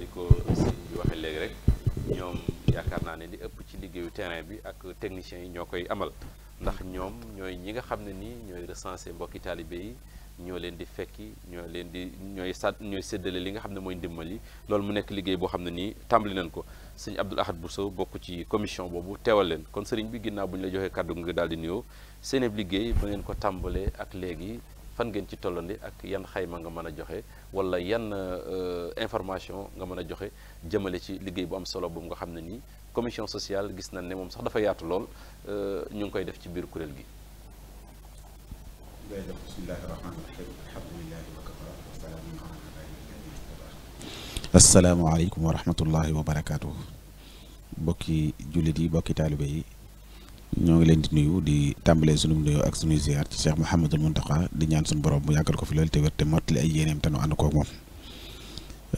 li ko sëriñ bi waxee léegi rek ñoom yaakaar naa ne li ëpp ci liggéeyu terrain bi ak techniciens yi ñoo koy amal ndax ñoom ñooy ñi nga xam ne nii ñooy recenser mbokki taalibe yi. ñoo leen di fekki ñoo leen di ñooy sa ñooy séddale li nga xam ne mooy ndimbal yi loolu mu nekk liggéey boo xam ne nii tàmbali neen ko sëñ Abdoul Ahad Bousso bokk ci commission boobu teewal leen kon sëriñ bi ginnaaw bu ñu la joxee kàddu nga daal di nuyoo seen liggéey ba ngeen ko tàmbalee ak léegi fan ngeen ci tollandi ak yan xayma nga mën a joxe wala yan euh, information nga mën a joxe jëmale ci liggéey bu am solo boobu nga xam ne nii commission sociale gis nañ ne moom sax dafa yaatu lool euh, ñu ngi koy def ci biir kuréel gi. day def bismillahi rahmaani rahim alhamdulilahi wa kafa barakaatu mbokki jullit yi mbokki taalibe yi ñoo ngi leen di nuyu di tàmbalee sunu nuyoo ak sunu ziar ci Cheikh Mouhamadul Mountakha di ñaan sunu borom mu yàggal ko fi loolu te wér te mottali ay yéeneem te ànd koog moom.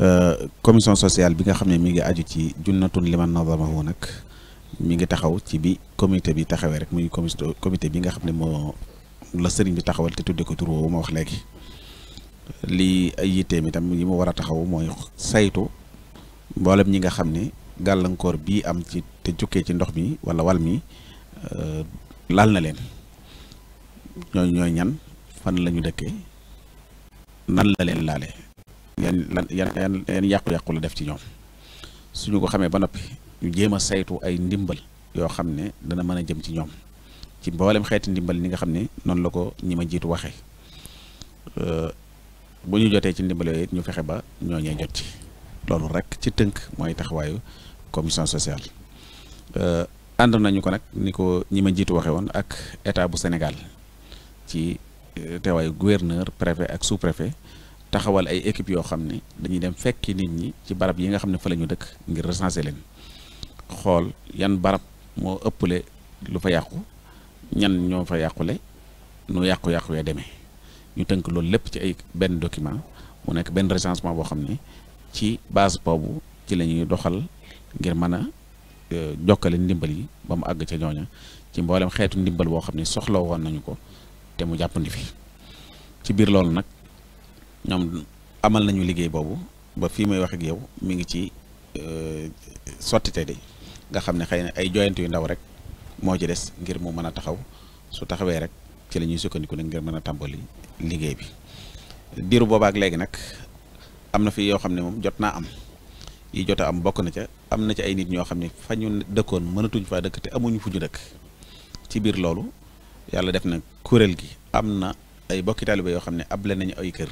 Euh, commission sociale bi nga xam ne mi ngi aju ci junnatun liman nazamahu nag mi ngi taxaw ci bi comité bi taxawee rek muy comité bi nga xam ne moo la sëriñ bi taxawal te tudde ko tur woowu ma wax léegi lii ay yitteem itam yi mu war a taxaw mooy saytu mboolem ñi nga xam ne gàllankoor bii am ci te jukkee ci ndox mi wala wal mi euh, laal na leen ñooñu ñooy ñan fan la ñu dëkkee nan la leen laale yan lan yan yan yàqu-yàqu la def ci ñoom suñu ko xamee ba noppi ñu jéem a saytu ay ndimbal yoo xam ne dana mën a jëm ci ñoom ci mboolem xeeti ndimbali ni nga xam ne noonu la ko ñi ma jiitu waxee euh, bu ñu jotee ci ndimbal yooyu ñu fexe ba ñooñee jot ci loolu rek ci tënk mooy taxawaayu commission sociale euh, ànd nañu ko nag ni ko ñi ma jiitu waxee woon ak état bu Sénégal ci euh, teewaayu gouverneur préfet ak sous préfet taxawal ay équipes yoo xam ne dañuy dem fekki nit ñi ci barab yi nga xam ne fa la ñu dëkk ngir recenser leen xool yan barab moo ëpple lu fa yàqu ñan ñoo fa yàqule nu yàqu-yàqu yee demee ñu tënk loolu lépp ci ay benn document mu nekk benn recensement boo xam ne ci base boobu ci la ñuy doxal ngir mën a euh, jokkale ndimbal yi ba mu àgg ca ñooña ci mboolem xeetu ndimbal boo xam ne soxla woon nañu ko te mu jàppandi fi ci biir loolu nag ñoom amal nañu liggéey boobu ba fii may wax ak yow mi ngi ci euh, sottite de nga xam ne xëy na ay joyante yu ndaw rek moo ci des ngir mu mën a taxaw su taxawee rek ci la ñuy sukkandiku nag ngir mën a tàmbali liggéey bi diiru boobaak léegi nag am na fi yoo xam ne moom jot naa am yi jot a am bokk na ca am na ci ay nit ñoo xam ne fa dëkkoon mënatuñ faa dëkk amuñu fu ñu dëkk ci biir loolu yàlla def na kuréel gi am na ay bokki taalibe yoo xam ne able nañu ay kër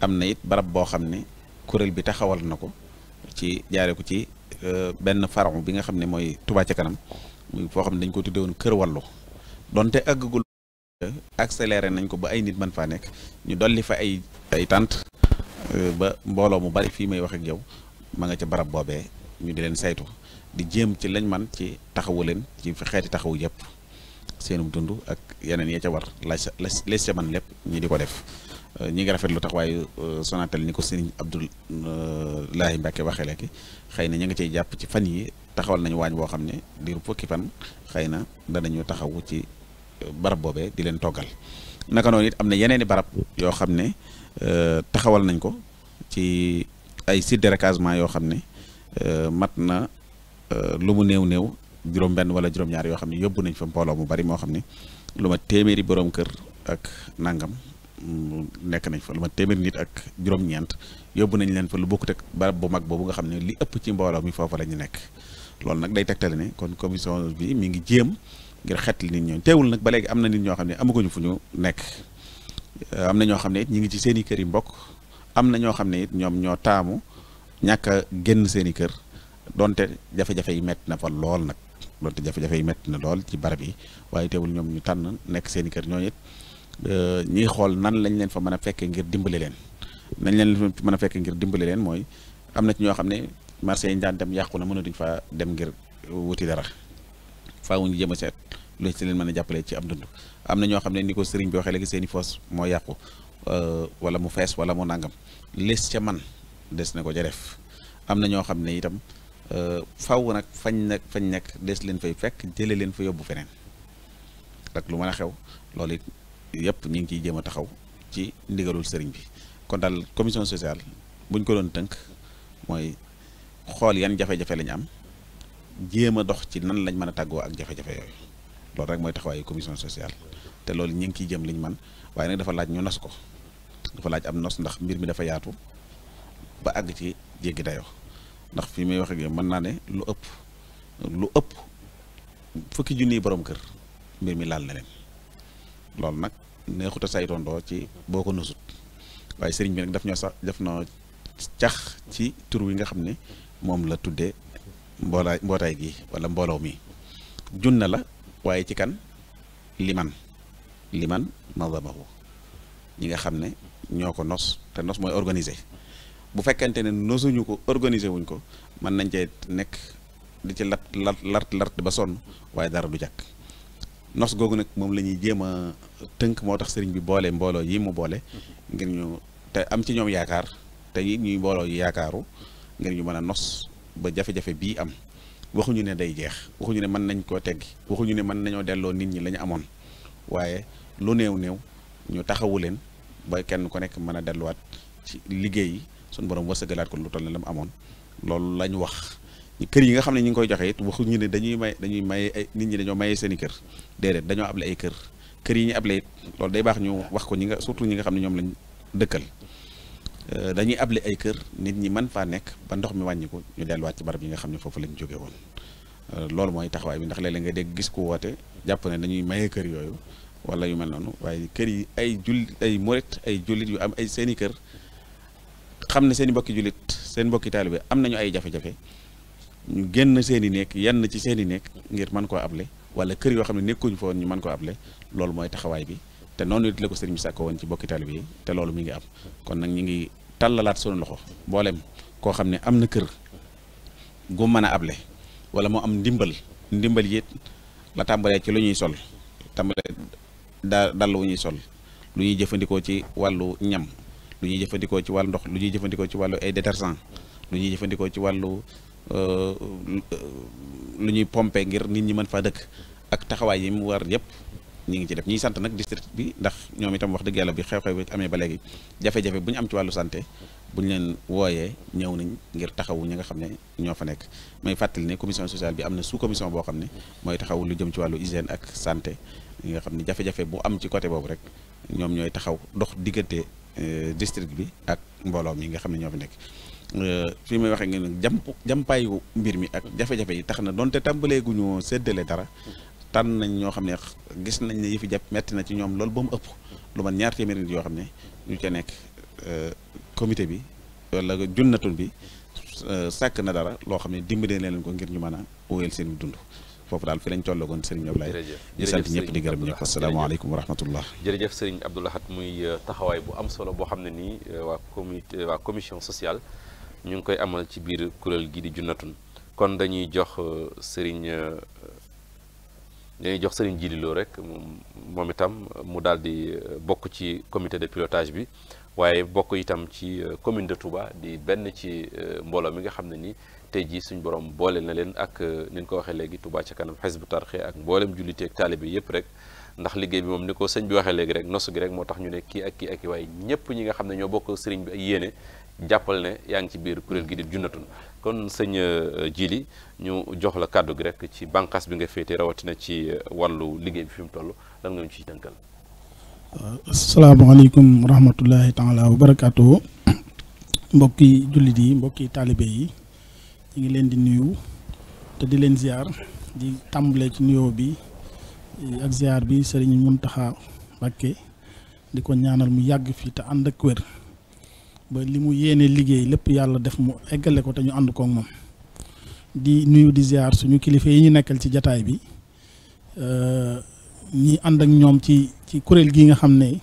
am na it barab boo xam ne kuréel bi taxawal na ko ci jaaree ko ci euh, benn faron bi nga xam ne mooy Touba ca kanam foo xam ne dañ ko tuddee woon kër wallu donte àggagul accéléré nañ ko ba ay nit mën faa nekk ñu dolli fa ay ay tànt euh, ba mbooloo mu bari fii may wax ak yow nga ca barab boobee ñu di leen saytu di jéem ci lañ man ci taxawu leen ci xeeti taxawu yëpp seenum dund ak yeneen ya ca war la les ca man lépp ñi di ko def euh, ñi ngi rafet lu taxawaayu euh, Sonatel ni ko sëriñ Abdoulaye Mbacke waxee léegi xëy na ñu ngi ciy jàpp ci fan yi taxawal nañu waañ woo xam ne di fukki fan xëy na danañu taxawu ci euh, barab boobee di leen toggal naka noonu it am na yeneen i barab yoo xam ne euh, taxawal nañ ko ci ay sites de recasement yoo xam ne euh, mat na lu mu néew néew juróom-benn wala juróom-ñaar yoo xam ne yóbbu nañ fa mbooloo mu bari moo xam ne lu ma téeméeri boroom kër ak nangam nekk nañ fa lu ma téeméeri nit ak juróom-ñeent yóbbu nañ leen fa lu bokkut ak barab bu mag boobu nga xam ne li ëpp ci mbooloo mi foofa la ñu nekk loolu nag day tegtale ne kon commission bi mi ngi jéem ngir xet li nit ñoom teewul nag ba léegi am na nit ñoo xam ne ñu fu ñu nekk euh, am na ñoo xam ne it ñu ngi ci seen i kër yi mbokk am na ñoo xam ne it ñoom ñoo taamu ñàkk génn seen i kër donte jafe-jafe yi metti na fa lool nag donte jafe-jafe yi metti na lool ci barab yi waaye teewul ñoom ñu tànn nekk seen i kër ñooñu it Euh, ñuy xool nan lañ leen fa mën a fekkee ngir dimbale leen nañ leen mën a fekkee ngir dimbali leen mooy am na ci ñoo xam ne marché yi ñu dem yàqu na mënatuñ fa dem ngir wuti dara faaw ñu jëm a seet lu ci leen mën a jàppale ci am dund am na ñoo xam ne ni ko sëriñ bi waxee léegi seen i foos moo yàqu euh, wala mu fees wala mu nàngam les ca man des na ko ca def am na ñoo xam ne itam euh, faw nag fañ nag fañ nekk des leen fay fekk jële leen fa yóbbu feneen ak lu mën a xew loolu yëpp ñu ngi ciy jéem a taxaw ci ndigalul sëriñ bi kon daal commission sociale bu ko doon tënk mooy xool yan jafe-jafe la am jéem a dox ci nan lañ mën a tàggoo ak jafe-jafe yooyu loolu rek mooy taxawaayu commission sociale te loolu ñu ngi ciy jëm liñ man waaye nag dafa laaj ñu nas ko dafa laaj am nos ndax mbir mi dafa yaatu ba àgg ci jéggi dayoo ndax fi muy wax ak yow mën naa ne lu ëpp lu ëpp fukki junniy boroom kër mbir mi laal na leen nag neexut a saytondoo ci boo ko nësut waaye sëriñ bi nag daf ñoo sax def noo cax ci tur wi nga xam ne moom la tuddee mboolaay mbootaay gi wala mbooloo mi junna la waaye ci kan liman liman nazamahu ñi nga xam ne ñoo ko nos te nos mooy organiser bu fekkente ne nosuñu ko organiser wuñ ko mën nañ cee nekk di ci lat lat lart lart ba sonn waaye dara du jàkk nos googu nag moom la ñuy jéem a tënk moo tax sëriñ bi boole mbooloo yi mu boole. ngir ñu te am ci ñoom yaakaar te it ñuy mbooloo yi yaakaaru ngir ñu mën a nos ba jafe-jafe bii am waxuñu ne day jeex waxuñu ne mën nañ koo teggi waxuñu ne mën nañoo delloo nit ñi la ñu amoon waaye lu néew néew ñu taxawu leen ba kenn ku nekk mën a delluwaat ci liggéey yi sunu borom wërsëgalaat ko lu toll ne la mu amoon loolu la ñu wax. kër yi nga xam ne ñu ngi koy joxe it waxuñu ne dañuy may dañuy maye ay nit ñi dañoo maye seeni i kër déedéet dañoo able ay kër kër yi ñu able it loolu day baax ñu wax ko ñi nga surtout ñi nga xam ne ñoom lañ dëkkal euh, dañuy able ay kër nit ñi mën faa nekk ba ndox mi wàññi ko ñu delluwaat ci barab yi nga xam ne foofu lañ jóge woon euh, lool mooy taxawaay bi ndax léeg-léeg nga dégg gis ko woote jàpp ne dañuy maye kër yooyu wala yu mel noonu waaye kër yi ay jullit ay murit ay jullit yu am ay seen i kër xam ne seen i mbokki jullit seen mbokki taalibe am nañu ay jafe ñu génn seen i nekk yenn ci seen i nekk ngir mën koo able wala kër yoo xam ne nekkuñu fa woon ñu man koo able loolu mooy taxawaay bi te noonu it la ko sëriñ bi sàkko woon ci bokki taalibe yi te loolu mi ngi am kon nag ñu ngi tàllalaat sunu loxo mboolem koo xam ne am na kër gu mën a able wala moo am ndimbal ndimbal yi la tàmbalee ci lu ñuy sol tàmbalee da dal wu ñuy sol lu ñuy jëfandikoo ci wàllu ñam lu ñuy jëfandikoo ci wàllu ndox lu ñuy jëfandikoo ci wàllu ay détergent lu ñuy jëfandikoo ci wàllu lu euh, euh, ñuy pomper ngir nit ñi mën faa dëkk ak taxawaay yi mu war yëpp ñi ngi ci def ñuy sant nag district bi ndax ñoom itam wax dëgg yàlla bi xew-xew bi amee ba léegi jafe-jafe bu ñu am ci wàllu sante bu ñu leen wooyee ñëw nañ ngir taxawu ñi nga xam ne ñoo fa nekk may fàttali ne commission sociale bi am na sous commission boo xam ne mooy taxawu lu jëm ci wàllu hygiène ak sante ñi nga xam ne jafe-jafe bu am ci côté boobu rek ñoom ñooy taxaw dox diggante euh, district bi ak mbooloo mi nga xam ne ñoo fi nekk Euh, fii may waxee ne jàmp jàmpaayu mbir mi ak jafe-jafe yi tax na donte tàmbalee seddale dara tànn nañ ñoo xam ne gis nañ ne yëfi jàpp metti na ci ñoom loolu ba mu ëpp lu man ñaar téeméeri nit yoo xam ne ñu ca nekk euh, comité bi wala junnatun bi euh, sàkk na dara loo xam ne dimbale leen ko ngir ñu mën a wóyal seen dund foofu daal fi lañ tollagoon Serigne Abdoulaye di sant ñëpp di gërëm ñëpp asalaamaaleykum wa rahmatullah jërëjëf Serigne Abdoulahat muy taxawaay bu am solo boo xam ne nii waa comité waa commission sociale ñu ngi koy amal ci biir kuréel gi di junnatun kon dañuy jox euh, sëriñ euh, dañuy jox sëriñ Jili Lo rek moom itam mu daal di euh, bokk ci comité de pilotage bi waaye bokk itam ci commune de tubaa di benn ci mbooloo mi nga xam ne ni te jii suñu borom boole na leen ak ni ñu ko waxee léegi Touba ca kanam xisbu tarxe ak mboolem jullite ak taalibe yëpp rek ndax liggéey bi moom ni ko sëñ bi waxee léegi rek nosu gi rek moo tax ñu ne kii ak kii ak waaye ñëpp ñi nga xam ne ñoo bokk sëriñ bi ak yéene jàppal ne yaa ngi ci biir kuréel gi di junnatun kon sëñ euh, Jili ñu jox la kàddu gi rek ci banqaas bi nga féete rawatina ci euh, wàllu liggéey bi fi mu toll lan nga ñu ciy tënkal. Euh, asalaamaaleykum wa rahmatullahi taala wa barakaatu mbokki jullit yi mbokki taalibe yi ñu ngi leen di nuyu te di leen ziar di tàmbale ci nuyoo bi ak ziar bi sëriñ Muntaxa Mbàkke di ko ñaanal mu yàgg fii te ànd ak wér. ba li mu yéene liggéey lépp yàlla def mu eggale ko te ñu ànd koog moom di nuyu di ziar suñu kilifa yi ñu nekkal ci jataay bi euh, ñi ànd ak ñoom ci ci kuréel gi nga xam ne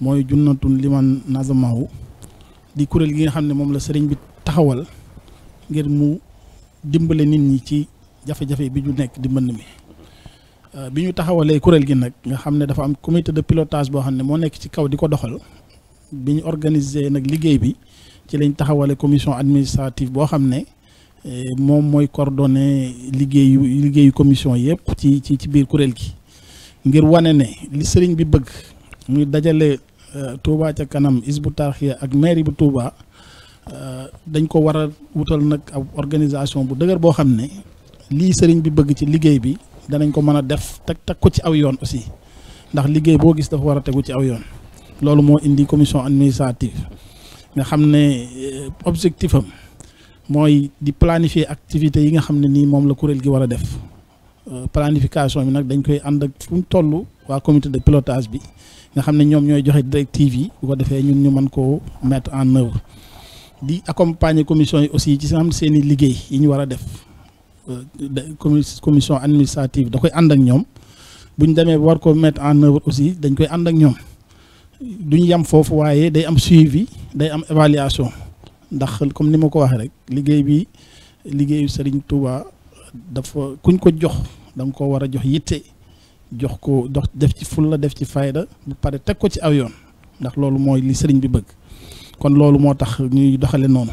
mooy junnatun liman nazamahu di kuréel gi nga xam ne moom la sëriñ bi taxawal ngir mu dimbale nit ñi ci jafe-jafe bi ñu nekk di mbënn mi euh, bi ñu taxawalee kuréel gi nag nga xam ne dafa am comité de pilotage boo xam ne moo nekk ci kaw di ko doxal bi ñu organiser nag liggéey bi ci lañ taxawale commission administrative boo xam ne eh, moom mooy coordonné liggéeyu liggéeyu commission yëpp ci ci ci biir kuréel gi ngir wane ne li sëriñ bi bëgg muy dajale eh, Touba ca kanam bu Tarqiyyah ak mairie bu Touba eh, dañ ko war a wutal nag aw organisation bu dëgër boo xam ne lii sëriñ bi bëgg ci liggéey bi danañ ko mën a def teg teg ko ci aw yoon aussi ndax liggéey boo gis dafa war a tegu ci aw yoon loolu moo indi commission administrative nga xam ne euh, objectif am mooy di planifier activités yi nga xam ne nii moom la kuréel gi war a def euh, planification bi nag dañ koy ànd ak fu ñu toll waa comité de pilotage bi nga xam ne ñoom ñooy joxe directive yi bu ko defee ñun ñu man koo mettre en œuvre di accompagner commission yi aussi ci xam seen i liggéey yi ñu war a def euh, commission administrative da koy ànd ak ñoom bu ñu demee war koo mettre en œuvre aussi dañ koy ànd ak ñoom duñ yam foofu waaye day am suivi day am évaluation ndax comme ni ma ko waxee rek liggéey bi liggéeyu sëriñ Touba dafa kuñ ko jox da nga ko war a jox yitte jox ko dox def ci fulla def ci fayda bu pare teg ko ci aw yoon ndax loolu mooy li sëriñ bi bëgg kon loolu moo tax ñuy doxale noonu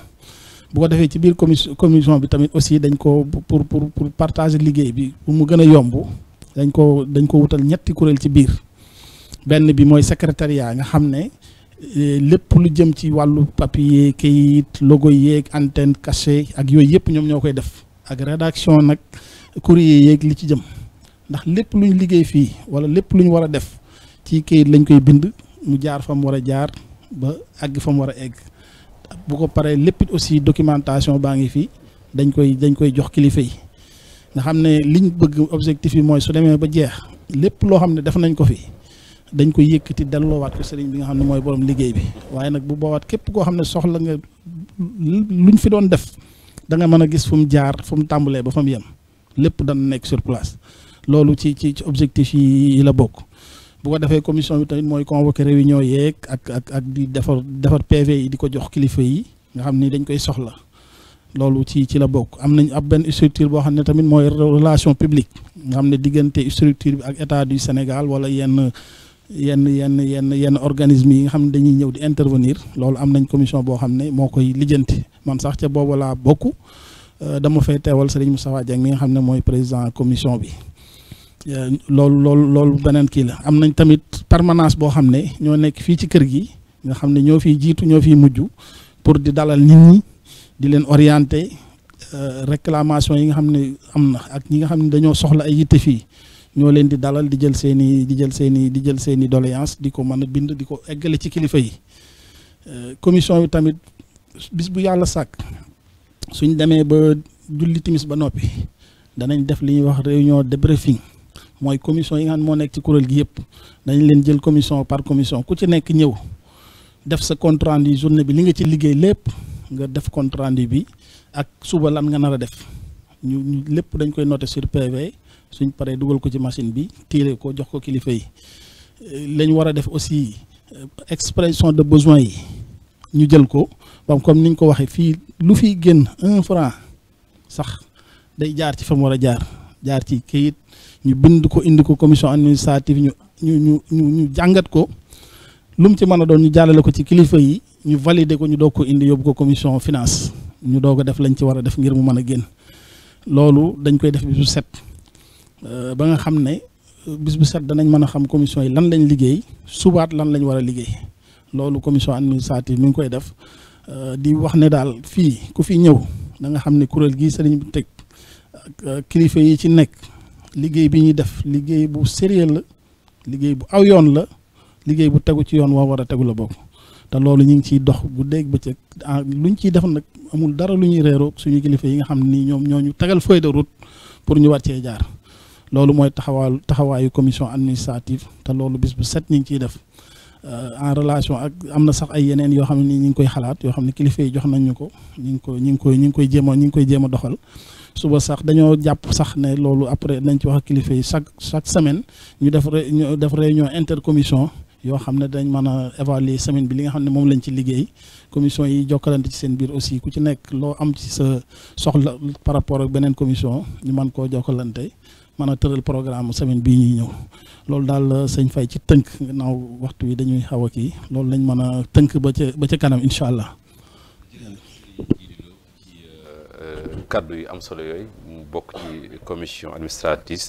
bu ko defee ci biir commission commission bi tamit aussi dañ ko pour pour pour partager liggéey bi pour mu gën a yomb dañ ko dañ ko wutal ñetti kuréel ci biir benn bi mooy secrétariat nga xam ne eh, lépp lu jëm ci wàllu papier kayit logo yéeg antenne cachet ak yooyu yëpp ñoom ñoo koy def ak rédaction nag courrier yéeg li ci jëm ndax lépp luñ liggéey fii wala lépp luñ war a def ci kayit lañ koy bind mu jaar fa mu war a jaar ba àgg fa mu war a egg bu ko paree lépp aussi documentation baa ngi fii dañ koy dañ koy jox kilifa yi nga xam ne liñ bëgg objectif yi mooy su demee ba jeex lépp loo xam ne def nañ ko fii dañ ko yëkkati delloowaat ko sëriñ bi nga xam ne mooy borom liggéey bi waaye nag bu boowaat képp koo xam ne soxla nga luñ fi doon def da nga mën a gis fu mu jaar fu tàmbalee ba fa mu lépp dana nekk sur place loolu ci ci ci objectif yi la bokk. bu defee commission bi tamit mooy convoqué réunion yeeg ak ak ak di defar defar PV yi di ko jox kilifa yi nga xam ni dañ koy soxla loolu ci ci la bokk am nañ ab benn structure boo xam ne tamit mooy relation publique nga xam ne diggante structure bi ak état du Sénégal wala yenn. yenn yenn yenn yenn organisme yi nga xam ne dañuy ñëw di intervenir loolu am nañ commission boo xam ne moo koy lijjante man sax ca boobu laa bokk euh, dama fay teewal mu Moustapha Dieng mi nga xam ne mooy président commission bi euh, loolu loolu loolu beneen kii la am nañ tamit permanence boo xam ne ñoo nekk fii ci kër gi nga xam ne ñoo fiy jiitu ñoo fiy mujj pour di dalal nit ñi di leen orienter euh, réclamation yi nga xam ne am na ak ñi nga xam ne dañoo soxla ay yitte fii ñoo leen di dalal di jël seeni di jël seeni i di jël seen i di ko mën a bind di ko eggale ci kilifa yi euh, commission bi tamit bis bu yàlla sàkk suñ demee ba julli timis ba noppi danañ def li ñuy wax réunion de briefing mooy commission yi nga xam moo nekk ci kuréel gi yëpp dañ leen jël commission par commission ku ci nekk ñëw def sa compte rendu journée bi li nga ci liggéey lépp nga def compte bi ak suba lan nga nar a def ñu lépp dañ koy noter sur PV suñ paree dugal ko ci machine bi tiire ko jox ko kilifa yi lañ war a def aussi euh, expression de besoin yi ñu jël ko bam comme niñ ko waxee fii lu fiy génn un franc sax day jaar ci fa war a jaar jaar ci kayit ñu bind ko indi ko commission administrative ñu ñu ñu ñu ñu jàngat ko lu mu ci mën a doon ñu jàllale ko ci kilifa yi ñu valider ko ñu doog ko indi yóbbu ko commission finance ñu doog a def lañ ci war a def ngir mu mën a génn loolu dañ koy def bi su Euh, ba nga xam ne euh, bis bu set danañ mën a xam commission yi lan lañ liggéey subaat lan lañ war a liggéey loolu commission administrative mu ngi koy def euh, di wax ne daal fii ku fi ñëw da xam ne kuréel gii sëriñ bu teg kilifa yi ci nekk liggéey bi ñuy def liggéey bu sérieux la liggéey bu aw yoon la liggéey bu tegu ci yoon woo war a tegu la bokk te loolu ñu ngi ciy dox bu dégg bëccëg ah, luñ ciy def nag amul dara lu ñuy réeroo suñu kilifa yi nga xam ni ñoom ñoo ñu tegal feuille de pour ñu war jaar. loolu mooy taxawaalu taxawaayu commission administrative te loolu bis bu set ñu ngi ciy def euh, en relation ak am na sax ay yeneen yoo xam ne nii ñu ngi koy xalaat yoo xam ne kilifa yi jox nañ ñu ko ñu ngi koy ñu ngi koy ñu ngi koy jéem ñu ngi koy jéem doxal suba sax dañoo jàpp sax ne loolu après nañ ci wax kilifa yi chaque chaque semaine ñu def ñu def réunion intercommission yoo xam ne dañ mën a évaluer semaine bi li nga xam ne moom lañ ci liggéey commission yi jokkalante ci seen biir aussi ku ci nekk loo am ci sa soxla par rapport ak beneen commission ñu mën koo jokkalante. mën a tëral programme semaine bii ñuy ñëw loolu daal sëñ Faye ci tënk naaw waxtu wi dañuy xaw a kii loolu lañ mën a tënk ba ca ba ca kanam incha allah. kàddu yu am solo yooyu mu bokk ci commission administrative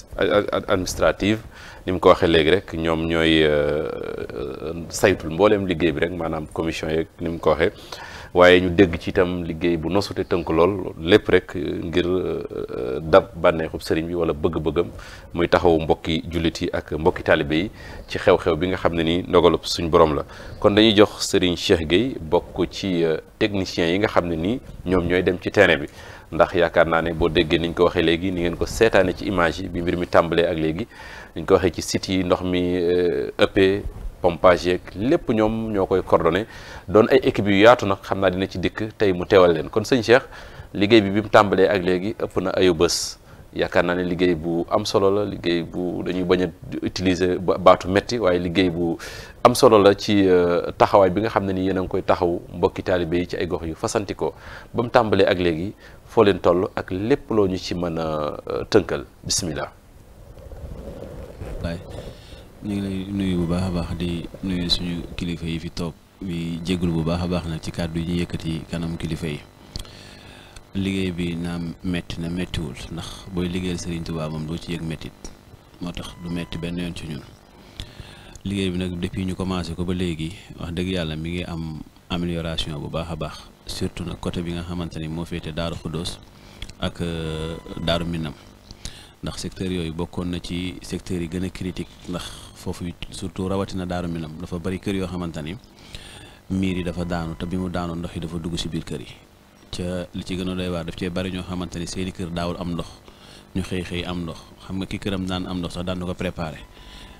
administrative ni mu ko waxee léegi rek ñoom ñooy euh, saytul mbooleem liggéey bi rek maanaam commission yeeg ni mu ko waxee. waaye ñu dégg ci itam liggéey bu nosute tënk lool lépp rek euh, ngir euh, euh, dab bànneexub sëriñ bi wala bëgg-bëggam muy taxawu mbokki jullit yi ak mbokki taalibe yi ci xew-xew bi nga xam ne ni ndogalub suñ borom la kon dañuy jox sëriñ Cheikh Gueye bokk ci technicien yi nga xam ne nii ñoom ñooy dem ci terrain bi ndax yaakaar naa ne boo déggee niñ ko waxee léegi ni ngeen ko seetaane ci image yi bi mbir mi tàmbalee ak léegi niñ ko waxee ci site yi ndox mi ëppee pompage yeeg lépp ñoom ñoo koy coordonné doon ay équipe yu yaatu nag xam naa dina ci dikk tey mu teewal leen kon sëñ Cheikh liggéey bi bi mu tàmbalee ak léegi ëpp na ayu bës yaakaar naa ne liggéey bu am solo la liggéey bu dañuy bañ a utiliser baatu métti waaye liggéey bu am solo la ci euh, taxawaay bi nga xam ne ni yéen a ngi koy taxaw mbokki taalibe yi ci ay gox yu fasantikoo ba mu tàmbalee ak léegi foo leen toll ak lépp loo ñu ci mën a euh, tënkal bismillah ñu ngi lay nuyu bu baax a baax di nuyu suñu kilifa yi fi toog bi jéggul bu baax a baax nag ci kàddu yi ñu yëkkati kanam kilifa yi liggéey bi naam metti na mettiwul ndax booy liggéeyal Serigne Touba doo ci yëg mettit moo tax du metti benn yoon ci ñun liggéey bi nag depuis ñu commencé ko ba léegi wax dëgg yàlla mi ngi am amélioration bu baax a baax surtout nag côté bi nga xamante ni moo féete Daaru Xuddoos ak euh, Daaru Minam ndax secteur yooyu bokkoon na ci secteur yi gën a foofu surtout rawatina daaru minam dafa bari kër yoo xamante ni miir yi dafa daanu te bi mu daanoo ndox yi dafa dugg si biir kër yi ca li ci gën a doy waar daf cee bari ñoo xamante ni seeni kër daawul am ndox ñu xëy xëy am ndox xam nga ki këram daan am ndox sax daan du ko préparé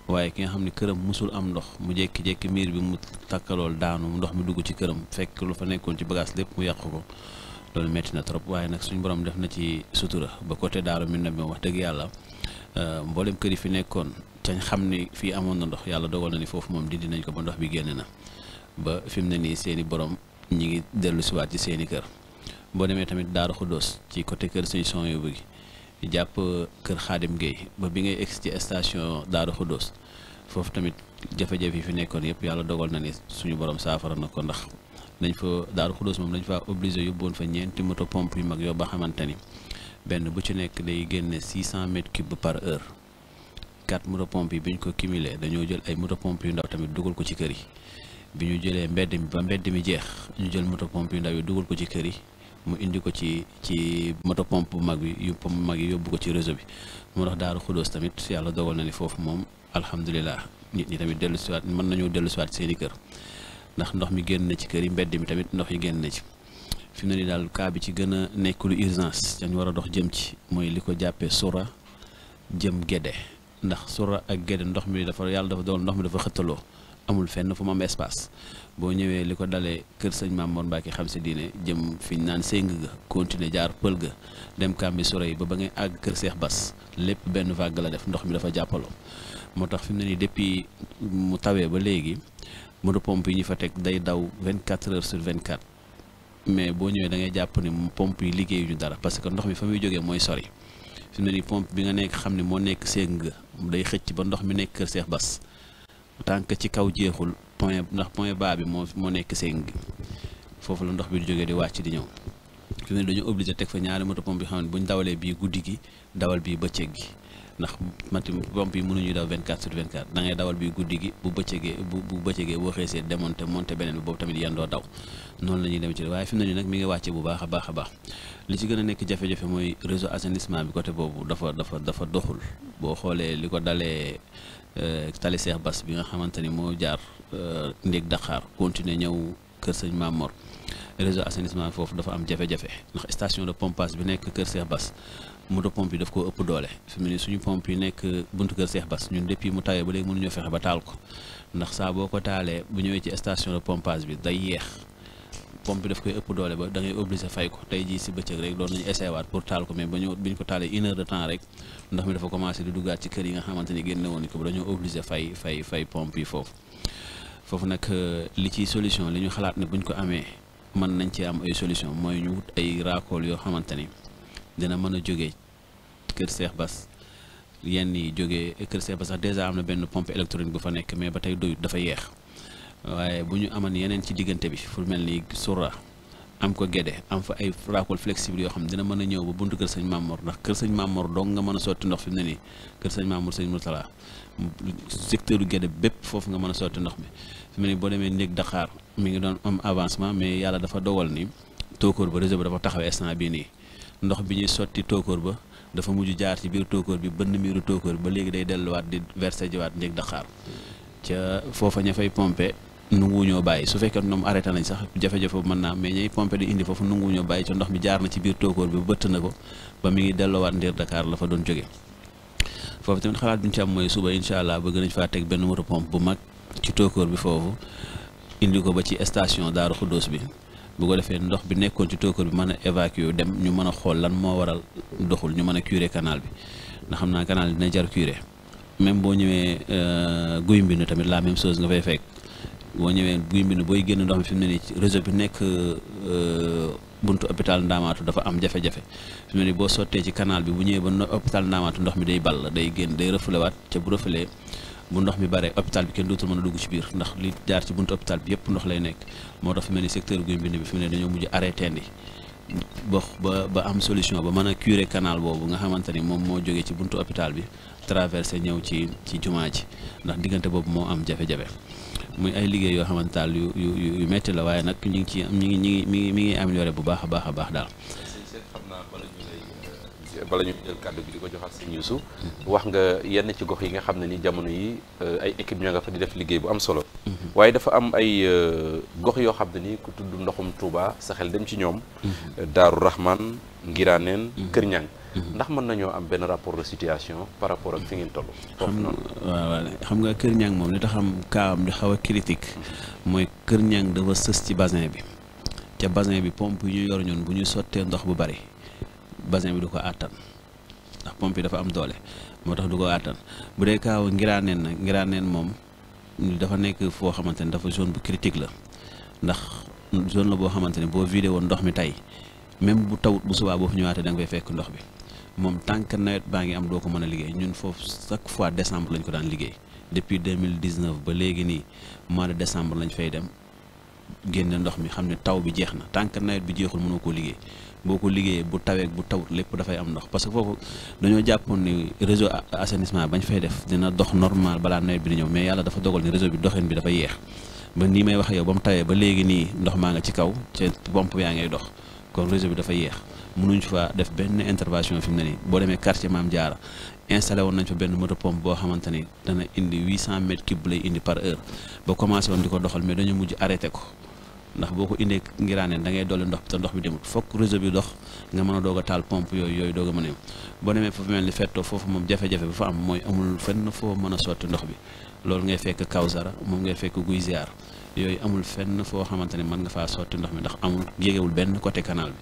waaye ki nga xam ne këram musul am ndox mu jékki miir bi mu takkalool daanu ndox mi dugg ci këram fekk lu fa nekkoon ci bagage lépp mu yàqu ko loolu metti na trop waaye nag suñ borom def na ci sutura ba côté daaru mi na bi wax dëgg yàlla euh, mboolem kër yi fi nekkoon cañ xam ni fii amoon na ndox yàlla dogal na ni foofu moom dindi nañ ko ba ndox bi génn na ba fi mu ne nii seen borom ñi ngi dellu siwaat ci seen i kër boo demee tamit Daaru Xuddoos ci côté kër suñu son yu bëgg jàpp euh, kër Xaadim géey ba bi ngay egg ci station Daaru Xuddoos foofu tamit jafe-jafe yi fi nekkoon yëpp yàlla dogal na ni suñu borom saafara na ko ndax dañ fa Daaru Xuddoos moom dañ fa obligé yóbboon fa ñeenti moto pompe yu mag yoo ba xamante ni benn bu ci nekk day génne 600 mètres cubes par heure. quatre motopompes yi bi ñu ko cumulé dañoo jël ay motopompes yu ndaw tamit dugal ko ci kër yi bi ñu jëlee mbedd mi ba mbedd mi jeex ñu jël moto motopompes yu ndaw yi dugal ko ci kër yi mu indi ko ci ci motopompe bu mag bi yu pompe bu mag yi yóbbu ko ci réseau bi moo tax Daaru Xudóos tamit yàlla dogal na ni foofu moom alhamdulilah nit ñi tamit dellu siwaat mën nañoo dellu siwaat seeni kër ndax ndox mi génn na ci kër yi mbedd mi tamit ndox yi génn na ci fi mu ni daal ka bi ci gën a nekk lu urgence war a jëm ci mooy li ko jàppee sura jëm Gédé ndax sura ak gédé ndox mi dafa yàlla dafa doon ndox mi dafa xëttaloo amul fenn fu ma am espace boo ñëwee li ko dalee kër sëñ Maam Mor Mbacke xam si diine jëm fi ñu naan séng ga continuer jaar pël ga dem kàmbi sura yi ba ba ngay àgg kër Seex Bas lépp benn vague la def ndox mi dafa jàppaloo moo tax fi mu ne nii depuis mu tawee ba léegi moto pompe yi ñu fa teg day daw 24 heures sur 24 mais boo ñëwee da ngay jàpp ni pompe yi liggéeyuñu dara parce que ndox mi fa muy jógee mooy sori. mairie pompe bi nga nekk xam ne moo nekk seen nga day xëcc ba ndox mi nekk kër Cheikh Bass tànk ci kaw jeexul point ndax point baa bi moo moo nekk seen gi foofu la ndox bi di jógee di wàcc di ñëw fi ne dañu obligé teg fa ñaari moto pompe bi xam ne bu ñu dawalee bii guddi gi dawal bii bëccëg gi ndax mati pompe yi mënuñu daw 24 sur 24 da ngay dawal bi guddi gi bu bëccëgee bu bu bëccëgee boo xeesee démonté monté beneen bi boobu tamit yendoo daw noonu la ñuy dem ci waaye fi mu ne nii mi ngi wàcce bu baax a baax a baax li ci gën a nekk jafe-jafe mooy réseau assainissement bi côté boobu dafa dafa dafa doxul boo xoolee li ko dalee euh, tali Cheikh Bass bi nga xamante ni moo jaar euh, ndéeg daqaar continuer ñëw kër sëñ Mamor réseau assainissement foofu dafa am jafe-jafe ndax station de pompage bi nekk kër Cheikh bas moto pompe yi daf ko ëpp doole fi mu ne suñu pompe yi nekk buntu kër Seex Bas ñun depuis mu tawee ba léegi mënuñoo fexe ba taal ko ndax saa boo ko taalee bu ñëwee ci station de pompage bi day yeex pompe bi daf koy ëpp doole ba da ngay obligé fay ko tey jii si bëccëg rek doon nañu essayé waat taal ko mais ba ñu bi ñu ko taalee une heure de temps rek ndox mi dafa commencé di duggaat ci kër yi nga xamante ni génne woon ko fay fay fay pompe yi foofu foofu nag euh, li ciy solution li ñu xalaat ne buñ ko amee mën nañ ci am ay solution mooy ñu wut ay raakool yoo xamante ni dina mën a jóge kër seex Bass yenn yi jóge kër Cheikh Bass sax dèjà am na benn pompe électronique bu fa nekk mais ba tey doyut dafa yeex waaye bu ñu amoon yeneen ci diggante bi fu mel ni sura am ko gede am fa ay raakol flexible yoo xam ne dina mën a ñëw ba buntu kër sañ Mamour ndax kër sañ Mamour dong nga mën a sotti ndox fi mu ne nii kër sëñ Mamour sëñ Mourtala secteur gede bépp foofu nga mën a sotti ndox bi fi ne nii boo demee néeg Dakar mi ngi doon am avancement mais yàlla dafa dogal ni tóokóor ba réseau bi dafa taxaw nii ndox bi ñuy sotti tookoor ba dafa mujj jaar ci biir tookoor bi bënn miiru tóokóor bi ba léegi day delluwaat di verser jiwaat njëg daxaar ca foofa ña fay pompe nunguwuñoo bàyyi su fekkee ñoom arrêté nañ sax jafe mën naa mais ñay pompe di indi foofu nunguwuñoo bàyyi ca ndox mi jaar na ci biir tóokóor bi bëtt na ko ba mi ngi delloowaat ndiir Dakar lafa doon jóge foofu tamit xalaat bi ñu ci am mooy suba incha allah bëgg nañ faa teg benn moto pompe bu mag ci tóokóor bi foofu indi ko ba ci station Daaru Xuddoos bi bu ko defee ndox bi nekkoon ci tóokër bi mën a évacuer dem ñu mën a xool lan moo waral doxul ñu mën a curer kanaal bi ndax xam naa kanaal bi dina jar curer même boo ñëwee euh, guy mbind tamit la même chose nga fay fekk boo ñëwee guy mbind booy génn ndox mi fi mu ne nii réseau bi nekk euh, buntu hôpital Ndaamaatu dafa am jafe-jafe fi ne nii boo sottee ci canal bi bu ñëwee ba hôpital Ndaamaatu ndox mi day ball day génn day refoulé waat ca bu refoulé bu ndox mi bare hôpital bi kenn dootul mën a dugg ci biir ndax li jaar ci buntu hôpital bi yëpp ndox lay nekk moo dafa mel ni secteur guy mbind bi fi mu ne dañoo mujj arrêté ndi box ba ba am solution ba mën a cure canal boobu nga xamante ni moom moo jógee ci buntu hôpital bi traversé ñëw ci ci jumaa ji ndax diggante boobu moo am jafe-jafe muy ay liggéey yoo xamante yu yu yu metti la waaye nag ñu ngi ci ñu ngi ñu mi ngi mi ngi amélioré bu baax a baax a baax daal bala ñu jël kàddu gi di ko joxaat sëñ Youssou wax nga yenn ci gox yi nga xam ne ni jamono yi euh, ay équipe ñoo nga fa di def liggéey bu am solo mhm. waaye dafa am ay euh, gox yoo xam ne ni ku tudd ndoxum Touba sa xel dem ci ñoom mhm. Daaru Rahman Ngiraneen mhm. Kër Ñang ndax mën nañoo am benn rapport de situation par rapport ak fi ngeen toll. xam waaw xam nga Kër Ñang moom li tax am kaawam di xaw a critique mooy Kër Ñang dafa sës ci basin bi ca basin bi pompe yi ñu yor bu ñu sottee ndox bu bari basin bi du ko àttan ndax pompe bi dafa am doole moo tax du ko àttan bu dee kaaw ngiraaneen nag ngiraaneen moom dafa nekk foo xamante ne dafa zone bu critique la ndax zone la boo xamante ne boo vidé woon ndox mi tey même bu tawut bu subaa boo fi ñëwaatee da nga fekk ndox bi moom tant nawet baa ngi am doo ko mën a liggéey ñun foofu chaque fois décembre lañ ko daan liggéey depuis 2019 ba léegi nii mois de décembre lañu fay dem génne ndox mi xam ne taw bi jeex na tant que nawet bi jeexul mënoo koo liggéey boo ko liggéeyee bu taweek bu tawut lépp dafay am ndox parce que foofu dañoo jàppoon ni réseau assainissement bañ fay def dina dox normal balaa nawet bi di ñëw mais yàlla dafa dogal ni réseau bi doxin bi dafa yeex ba nii may wax yow ba mu tawee ba léegi nii ndox maa nga ci kaw ci pompe yaa ngay dox kon réseau bi dafa yeex mënuñ fa def benn intervention fi mu ne nii boo demee quartier Maam Jaara installé woon nañ fa benn moto pompe boo xamante ni dana indi 800 mètres cube lay indi par heure ba commencé woon di ko doxal mais dañu mujj arrêté ko ndax boo ko indee ngiraaneen dangay ngay dolli ndox te ndox bi demut fokk réseau bi dox nga mën a doog taal pompe yooyu yooyu doog a mën a yem boo demee foofu mel ni fettoo foofu moom jafe fa am mooy amul fenn a sotti ndox bi loolu ngay fekk Kawsara moom ngay fekk guy ziar yooyu amul fenn foo xamante ne mën nga faa sotti ndox mi ndax amul yégewul benn côté canal bi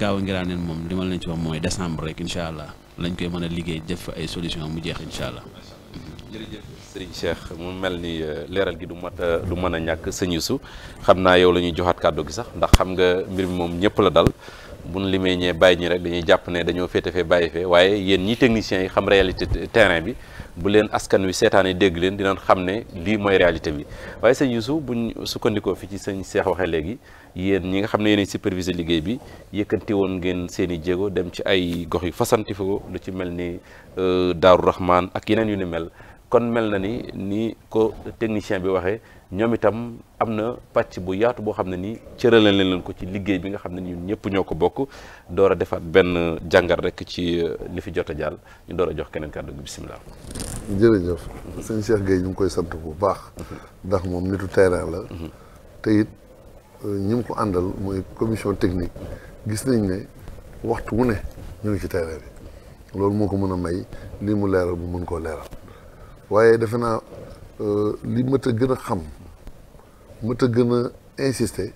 kaaw ngiraaneen moom li ma leen ci mooy décembre rek incha allah lañ koy mën a liggéey def ay solution mu jeex incha allah Serigne Cheikh mu mel ni euh, leeral gi du mat a euh, du mën a ñàkk sëñ Youssou xam naa yow la ñuy joxaat kàddu gi sax ndax xam nga mbir mi moom ñëpp la dal bu nu limee ñee bàyyi ñi rek dañuy jàpp ne dañoo féete fee bàyyi fee waaye yéen ñi techniciens yi xam réalité terrain bi bu leen askan wi seetaanee dégg leen dinañ xam ne lii mooy réalité bi waaye sëñ Youssou buñ sukkandikoo fi ci sëñ Cheikh waxee léegi yéen ñi nga xam ne yéen supervisé liggéey bi yëkkanti woon ngeen seeni i jéego dem ci ay gox yu fasanti ko lu ci mel ni euh, Daaru Rahman ak yeneen yu ni mel kon mel na ni ni ko technicien bi waxee ñoom itam am na pàcc bu yaatu boo xam ne nii cërale leen leen ko ci liggéey bi nga xam ne ñun ñëpp ñoo ko bokk door a defaat benn jàngar rek ci uh, li fi jot a jàll ñu door a jox keneen kàddu gi bisimilah. jërëjëf. sëñ Cheikh Gueye ñu ngi koy sant bu baax. Mhm. ndax moom nitu terrain la. Mhm. te it uh, ñi mu ko àndal mooy commission technique gis nañ ne waxtu wu ne ñu ngi ci terrain bi loolu moo ko mën a may lii mu leeral bu mën koo leeral. waaye defe naa euh, li mët gën a xam mët a gën a insister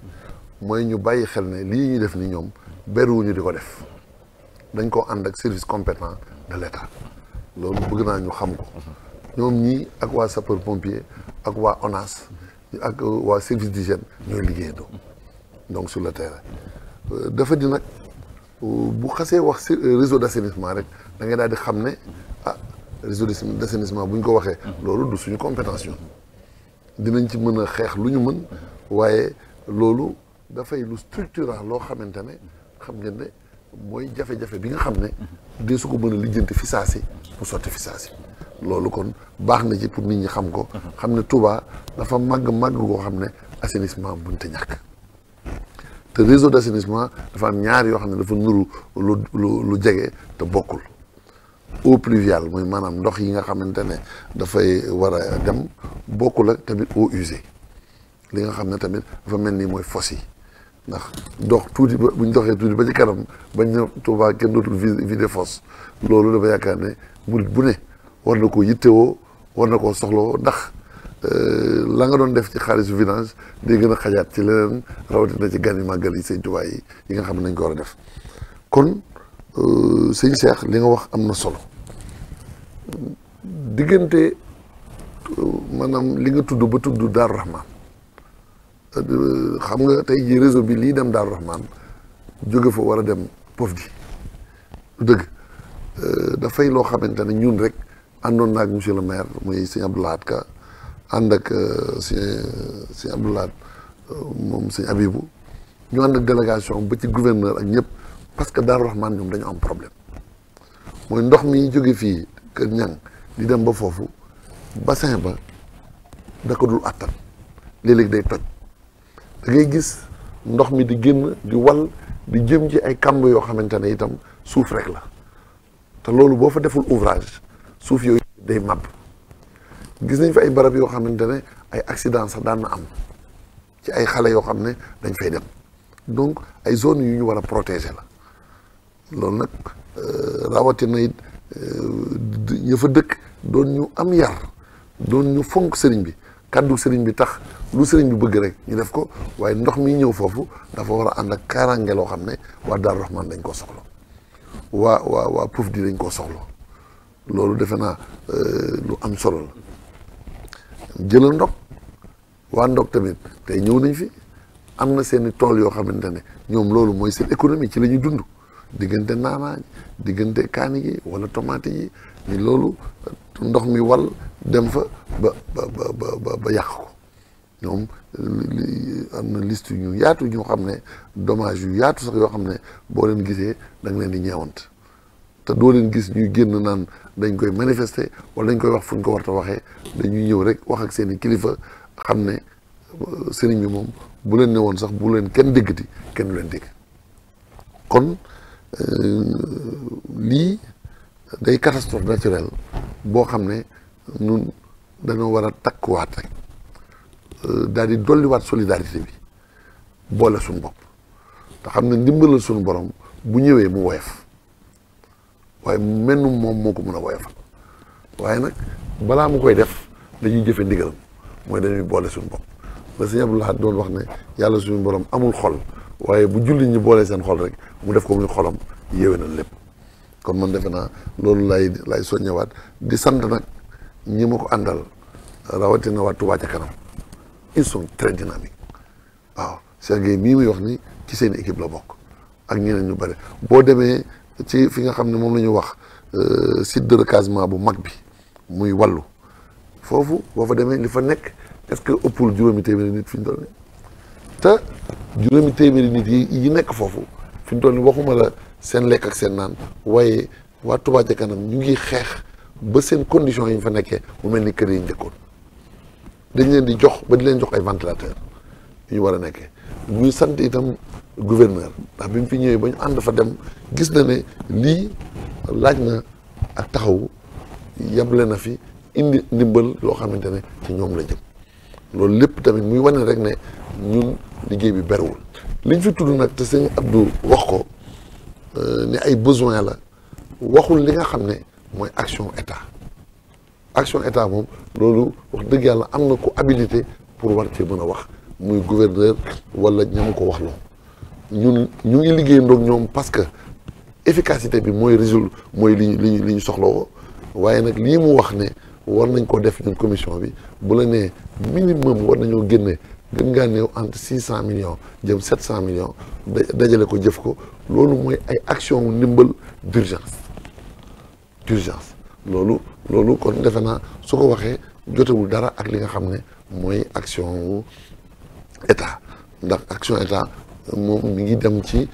mooy ñu bàyyi xel ne lii ñuy def ni ñoom beruwuñu di ko def dañ ko ànd ak service compétent de l'État loolu bëgg naa ñu xam ko ñoom ñii ak waa sapeur pompier ak waa ONAS ak euh, waa service di d'hygiène ñooy liggéeyandoo donc sur le terrain euh, dafa di nag bu xasee wax réseau de d'assainissement rek da ngay daal di xam ne ah réseau d'assainissement bu ñu ko waxee. Mhm. loolu du suñu compétence dinañ ci mën a xeex lu ñu mën. Mhm. waaye loolu dafay lu structurant loo xamante ne xam ngeen ne mooy jafe-jafe bi nga xam ne. Mhm. dee su ko mën a lijjanti fi saa si mu sotti fi loolu kon baax na ci pour nit ñi xam ko. xam ne Touba dafa màgg màgg goo xam ne assainissement mënta ñàkk. te réseau d'assainissement dafa am ñaar yoo xam ne dafa nuru lu lu lu jege te bokkul. eau pluviale muy maanaam ndox yi nga xamante ne dafay war a dem bokkul ak tamit eau usée li nga xam ne tamit dafa mel ni mooy fos yi ndax dox tuuti ba bu ñu doxee tuuti ba ci kanam bañ ne Touba kenn dootul vider fosse loolu dafa yaakaar ne murit bu ne war na koo yittewoo war na koo soxlawoo ndax euh, la nga doon def ci xaalisu finance day gën a xajaat ci leneen rawatina ci gan yi màggal yi seen Touba yi nga xam ne nañ ko war a def Euh, sëñ Cheikh li nga wax am na solo diggante euh, maanaam li nga tudd ba tudd Darou Rahman euh, xam nga tey jii réseau bi lii dem Darou Rahman jóge fa war a dem pof ji lu dëgg dafay loo xamante ne ñun rek àndoon naag monsieur le maire muy sëñ Abdou Ka ànd ak sëñ sëñ Abdou Lahad moom sëñ Abibou ñu ànd ak délégation ba ci gouverneur ak ñëpp parce que Daaru Rahman ñoom dañu am problème mooy ndox mi jóge fii kër ñang di dem ba foofu bassin ba da ko dul attan léeg day toj da gis ndox mi di génn di wal di jëm ci ay kàmb yoo xamante ne itam suuf rek la te loolu boo fa deful ouvrage suuf yooyu day màbb gis nañ fi ay barab yoo xamante ne ay accident sax daan na am ci ay xale yoo xam ne dañ fay dem donc ay zones yu ñu war a protéger la loolu nag euh, rawatina it ña euh, fa dëkk doon ñu am yar doon ñu fonk sëriñ bi kàddu sëriñ bi tax lu sëriñ bi bëgg rek ñu def ko waaye ndox mi ñëw foofu dafa war a ànd ak kaaraange loo xam ne waa Daaru Rahman dañ koo soxla waa waa waa Pouf di dañ koo soxla loolu defe naa euh, lu am solo la jëlal ndox waa ndog tamit tey ñëw nañ fi am na seeni tool yoo xamante ne ñoom loolu mooy seen économie ci la ñuy dund diggante naanaa diggante kaani gi wala tomate yi loolu ndox mi wal dem fa ba ba ba ba ba ko ñoom am liste yu yaatu ñu xam ne domage yu yaatu sax yoo xam ne boo leen gisee da leen di ñeewant te doo leen gis ñu génn naan dañ koy manifester wala dañ koy wax fu ñu ko war waxee dañuy ñëw rek wax ak seen i kilifa xam ne sëriñ bi moom bu leen ne woon sax bu leen kenn déggati kenn du leen dégg Euh, lii day catastrophe naturelle boo xam ne nun dañoo war a takkuwaat rek euh, daal di dolliwaat solidarité bi boole suñu bopp te xam ne ndimbalal suñu borom bu ñëwee mu woyof waaye menn moom moo ko mën a woyofal waaye nag balaa mu koy def dañuy jëfe ndigalam mooy dañuy boole suñu bopp la sëñ Abdou Lahad doon wax ne yàlla suñu borom amul xol waaye bu julli ñu boolee seen xol rek mu def ko muy xolam yéwé na lépp kon man defe naa loolu lay lay soññewaat di sant nag ñi ma ko àndal rawatina waa Touba ca kanam ils sont très dynamiques waaw Cheikh Gueye mii muy wax ni ci seen équipe la bokk ak ñeneen ñu bare boo demee ci fi nga xam ne moom la ñu wax euh, site de recasement bu mag bi muy wàllu foofu boo fa demee li fa nekk est-ce que ëppul juróomi téeméeri nit fi ñu doon te juróomi téeméeri nit yi yi nekk foofu fi ñu toll waxuma la seen lekk ak seen naan waaye waa Touba kanam ñu ngi xeex ba seen condition yi ñu fa nekkee mu mel ni kër yi njëkkoon dañ leen di jox ba di leen jox ay ventilateur yu ñu war a nekkee ñuy sant itam gouverneur ndax bi mu fi ñëwee ba ñu ànd fa dem gis na ne lii laaj na ak taxawu yable na fi indi ndimbal loo xamante ne ñoom la jëm loolu lépp tamit muy wane rek ne ñun liggéey bi bariwul liñ fi tudd nag te sëñ Abdou wax ko euh, ni ay besoin la waxul li nga xam ne mooy action état action état moom loolu wax dëgg yàlla am na ko habilité pour war cee mën a wax muy gouverneur wala ñama ko wax loo ñun ñu ngi liggéey ndoog ñoom parce que efficacité bi mooy résul mooy li li li ñu soxla woo waaye nag lii mu wax ne war nañ ko def ñun commission bi bu la nee minimum war nañoo génne gën ngaa néew entre six cent millions jëm sept cent dajale ko jëf ko loolu mooy ay action wu ndimbal d'urgence d'urgence loolu loolu kon defe naa su ko waxee jotewul dara ak li nga xam ne mooy action wu état ndax action état moom mi ngi dem ci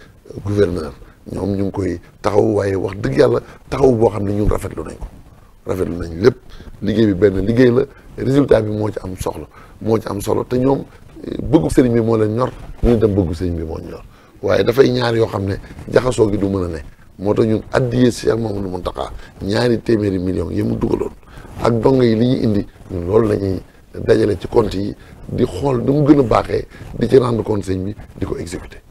gouverneur ñoom ñu ngi koy taxaw waaye wax dëgg yàlla taxaw boo xam ne ñun rafetlu nañ ko rafetlu nañ lépp liggéey bi benn liggéey la résultat bi moo ci am soxla moo ci am solo te ñoom bëggu sëriñ bi moo leen ñor ñun itam bëggu sëriñ bi moo ñor waaye dafay ñaar yoo xam ne jaxasoo gi du mën a ne moo tax ñun addiyee Cheikh Mamadou Mountakha ñaari téeméeri millions yi mu duggaloon ak dong yi li ñu indi loolu la dajale ci compte yi di xool nu mu gën a baaxee di ci rendre compte sëñ bi di ko exécuter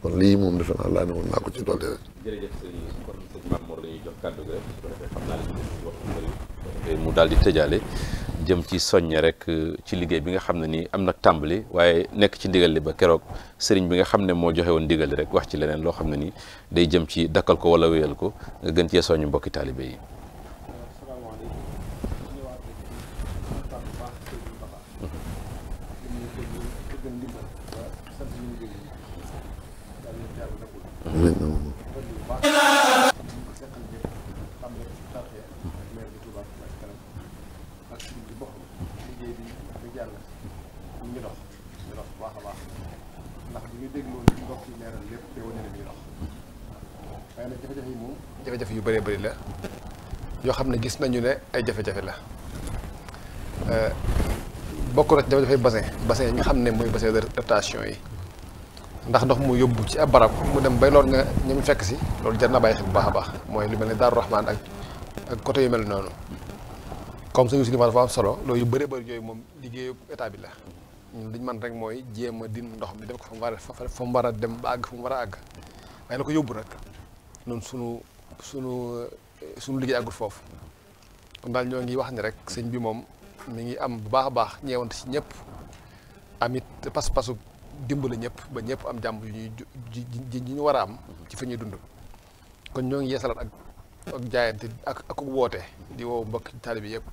kon lii moom dafa naa laa ne woon naa ko ci dolli rek. jërëjëf sëñ kon mu daal di tëjaale. jëm ci soññe rek euh, ci liggéey bi nga xam ne ni am nag tàmbali waaye nekk ci ndigal li ba keroog sëriñ bi nga xam ne moo joxewoon woon ndigal li rek wax ci leneen loo xam ne ni day jëm ci dakkal ko wala wéyal ko nga gën cee soññ mbokki taalibe yi. jafe-jafe yu bëree bëri la yoo xam ne gis nañu ne ay jafe-jafe la euh, bokk na ci jafe-jafe bassin bassin yi nga xam ne mooy bassin de rétention yi ndax ndox mu yóbbu ci ab barab mu dem bay loolu nga ñu fekk si loolu jar na bay xel bu baax a baax mooy lu mel ne Daaru Rahmaan ak ak côté yu mel noonu comme suñu cinéma dafa am solo loolu yu bare bëri yooyu moom liggéey état bi la ñun liñ man rek mooy jéem a din ndox mi def ko fa mu war a dem ba àgg fa mu war a àgg waaye sunu eh, sunu liggéey àggul foofu kon daal ñoo ngi wax ni rek sëñ bi moom mi ngi am bu baax a baax ñeewante ci ñëpp amit pas-pasu dimbali ñëpp ba ñëpp am jàmb yu ñuy ji ñu war a am ci fi ñuy dund kon ñoo ngi yeesalaat ak ak jaayante ak ak woote di wow mbokk taalibe yëpp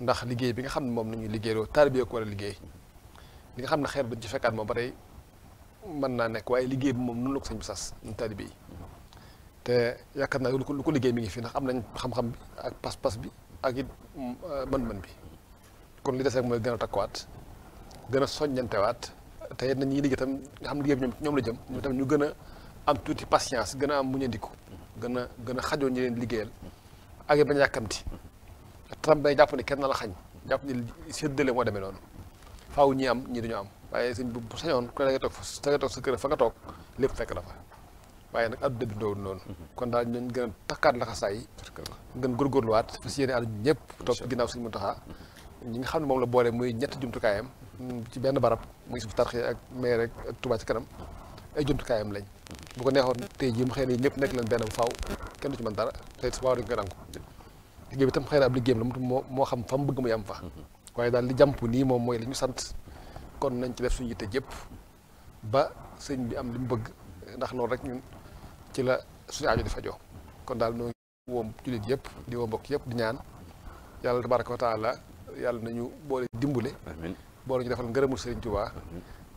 ndax liggéey bi nga xam ne moom la ñuy liggéeyloo taalibe ko war a liggéey li nga xam ne xeer duñ ci fekkaat moom ba tey mën naa nekk waaye liggéey bi moom nunu la ko sëñ bi sas ñun taalibe yi te yaakaar naa lu ko ko liggéey mi ngi fi ndax am nañ xam-xam bi ak pas-pas bi ak it mm, euh, mën-mën bi kon li des rek mooy gën a takkuwaat gën a soññantewaat te it nañ ñuy liggéey itam nga xam liggéey bi ñoom ñoom la jëm ñu tam ñu gën a am tuuti patience gën a am muñandiku gën a gën a xajoo ñi leen liggéeyal ak it bañ yàkkamti tam day jàpp ne kenn na la xañ jàpp ne séddale moo demee noonu faaw ñi am ñi duñu am waaye sëñ bu sañoon ku ne da toog sa kër fa nga toog lépp fekk la fa waaye nag àdduna bi doon noonu mhm. kon daal ñu gën a takkaat laxasaay yi gën góorgóorluwaat goor yéene ànd ñëpp topp ginnaaw suñu Muntaxa ñi nga xam ne moom la boole muy ñetti jumtukaayam mm, ci benn barab muy suuf tarxee ak maire rek ak Touba ci kanam ay jumtukaayam lañ mhm. bu ko neexoon tey jii mu xëy na ñëpp nekk leen benn bu faaw kenn du ci mën dara tey waaw dañ koy nangu mhm. liggéey bi tam xëy na ab liggéeyam la mu moo xam fa mu bëgg mu am fa waaye daal li jàmp nii moom mooy li ñu sant kon nañ ci def suñu yitte jëpp ba sëñ bi am li mu bëgg ndax loolu rek ci la suñu aajo di fajoo kon daal noo ngi jullit yëpp di woo mbokk yëpp di ñaan yàlla tabaraka wa taala yàlla nañu boole dimbule boole ñu defal ngërëmul Serigne Touba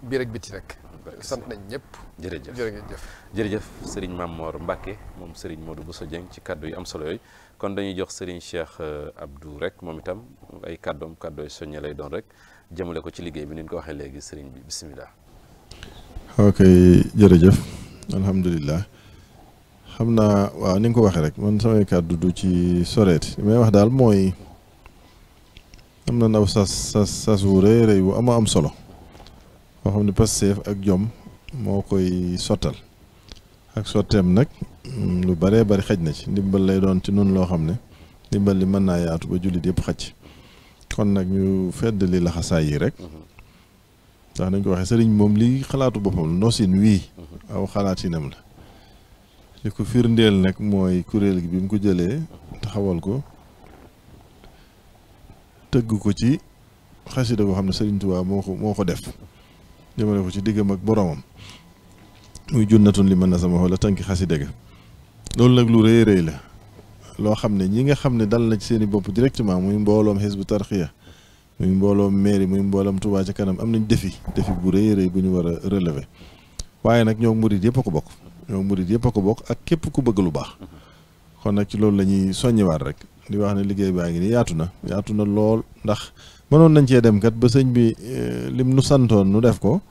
biir ak biti rek sant nañ ñëpp jërëjëf jërëjëf jërëjëf Serigne Mamor Mbacke moom Serigne Modou Bousso Dieng ci kaddu yu am solo yooyu kon dañuy jox Serigne Cheikh euh, Abdou rek moom itam ay kàddoom kàddooy soññe lay doon rek jëmale ko ci liggéey bi ni ko waxee léegi Serigne bi bisimilah ok jërëjëf alhamdulilah xam naa waaw ni ko waxee rek man samay kàddu du ci soreet yi may wax daal mooy am na ndaw sas sas sas wu rëy rëy wu ama am solo boo xam ne Pastef ak jom moo koy sottal ak sotteem nag mm, lu baree bari xaj na ci ndimbal lay doon ci nun loo xam ne ndimbal li mën naa yaatu ba jullit yëpp xaj kon nag ñu fedd li laxasaay yi rek mhm. ndax nañ ko waxe sëriñ moom lii xalaatu boppam nosin wii mhm. aw xalaatinam la li ko firndeel nag mooy kuréel gi bi mu ko jëlee taxawal ko tëgg ko ci xasida boo xam ne Sëriñ Tuubaa moo ko moo ko def jëmale ko ci diggam ak boroomam muy junnatun li mën na sama xol la tënk xasida ga loolu nag lu rëy rëy la loo xam ne ñi nga xam ne dal na ci bopp directement muy mbooloom bu Tarxiya muy mbooloom mairie muy mbooloom Touba ca kanam am nañ defi defi bu rëy rëy bu ñu war a relever waaye nag ñoo murid yëpp a ko bokk ñoom murit yëpp a ko bokk ak képp ku bëgg lu baax kon nag ci loolu la ñuy soññiwaat rek di wax ne liggéey baa ngi ni yaatu na yaatu na lool ndax mënoon nañ cee dem kat ba sëñ bi eh, lim nu santoon nu def ko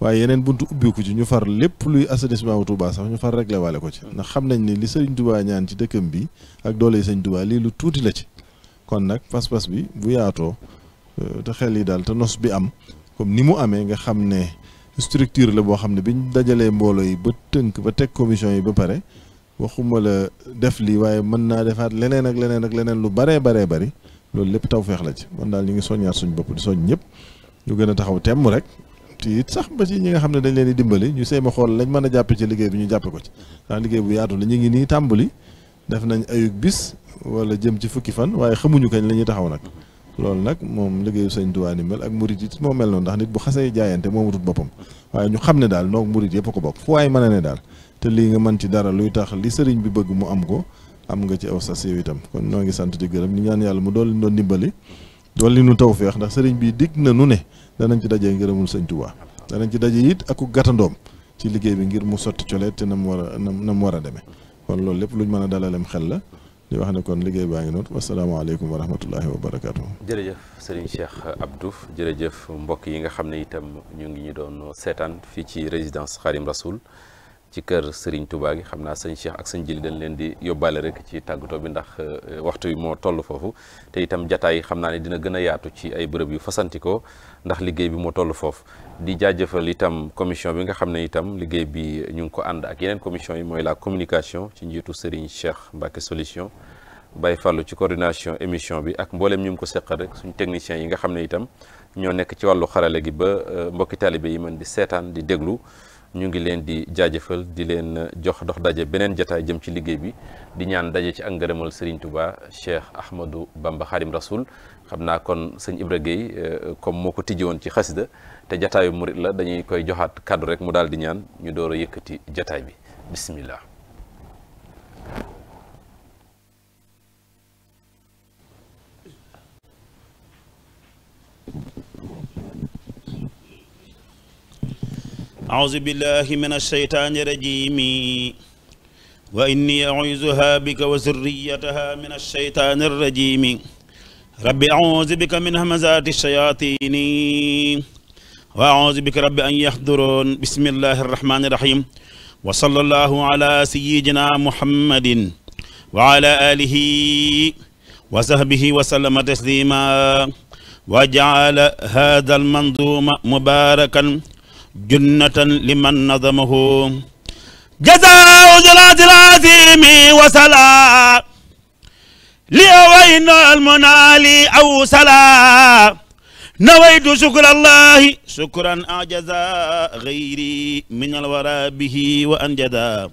waaye yeneen buntu ubbiku ci ñu far lépp luy assainissement wu Touba sax ñu far réglé waale ko ci ndax xam nañ ni li sëñ Touba ñaan ci dëkkam bi ak doole sëñ Touba lii lu tuuti la ci kon nag pas-pas bi bu yaatoo eh, te xel yi daal te nos bi am comme ni mu amee nga xam ne structure la boo xam ne bi ñu dajalee mbooloo yi ba tënk ba teg commission yi ba pare waxuma la def lii waaye mën naa defaat leneen ak leneen ak leneen lu baree baree bari loolu lépp taw feex la ci man daal ñu ngi soññaat suñ bopp di soñ ñëpp ñu gën a taxaw temm rek te it sax mba ci ñi nga xam ne dañ leen di dimbali ñu seema xool lañ mën a jàppe ci liggéey bi ñu jàppe ko ci ndax liggéey bu yaatu la ñu ngi nii tàmbali def nañ ayug bis wala jëm ci fukki fan waaye xamuñu kañ la ñuy taxaw nag loolu nag moom liggéeyu sëñ Tuubaa ni mel ak murit it moo mel noonu ndax nit bu xasee jaayante moo wutut boppam waaye ñu xam ne daal noog murit yëpp ko bokk fu waay mën a ne daal te lii nga man ci dara luy tax li sëriñ bi bëgg mu am ko am nga ci aw sas yow itam kon noo ngi sant di gërëm ni ñaan yàlla mu dool li doon dimbali dool li nu tawfeex ndax sëriñ bi dig na nu ne danañ ci dajee ngërëmul sëñ Tuubaa danañ ci daje it aku gàttandoom ci liggéey bi ngir mu sotti coleet te na mu war a na mu war a demee kon loolu lépp luñ mën a dalalem xel la di wax ne kon liggéey baa ngi noonu wasalaamaaleykum wa rahmatullahi wa barakaatu. jërëjëf Serigne Cheikh Abdou jërëjëf mbokk yi nga xam ne itam ñu ngi ñu doon seetaan fii ci résidence Xarim Rasoul ci kër sëriñ Touba gi xam naa sëñ Cheikh ak sëñ Jili dañ leen di yóbbaale rek ci tàggatoo bi ndax eh, waxtu wi moo toll foofu te itam jataay xam naa ne dina gën a yaatu ci ay bërëb yu fasantikoo ndax liggéey bi moo toll foofu di jaajëfal itam commission bi nga xam ne itam liggéey bi ñu ngi ko ànd ak yeneen commission yi mooy la communication ci njiitu Serigne Cheikh Mbacke solution bay Fallou ci coordination émission bi ak mbooleem ñu ngi ko seqal rek suñu techniciens yi nga xam ne itam ñoo nekk ci wàllu xarale gi ba euh, mbokki taalibe yi mën di seetaan di déglu ñu ngi leen di jaajëfal di leen jox dox daje beneen jataay jëm ci liggéey bi di ñaan daje ci ak ngërëmal Serigne Touba Cheikh Ahmadou Bamba Khadim Rasoul xam naa kon sëñ Ibra Gueye euh, comme moo tijji woon ci xasida te jataayu murit la dañuy koy joxaat kaddu rek mu daal di ñaan ñu door yëkkati jataay bi bismillah أعوذ بالله من rabbi auzu bika min hamazaati shayaatini wa auzu bika rabbi an yaxduroon bismillahi arrahmani irrahim wa sallallahu ala sayidina muhammadin wa ala alihi wa sahbihi wa sallama taslima wa jaala hada almanzuma mubarakan junnatan liman nadamahu jazaa jalaati laatimi wa salaa لأوين المنالي أو سلا نويت شكر الله شكرا أعجزا غيري من الورى به وأنجدا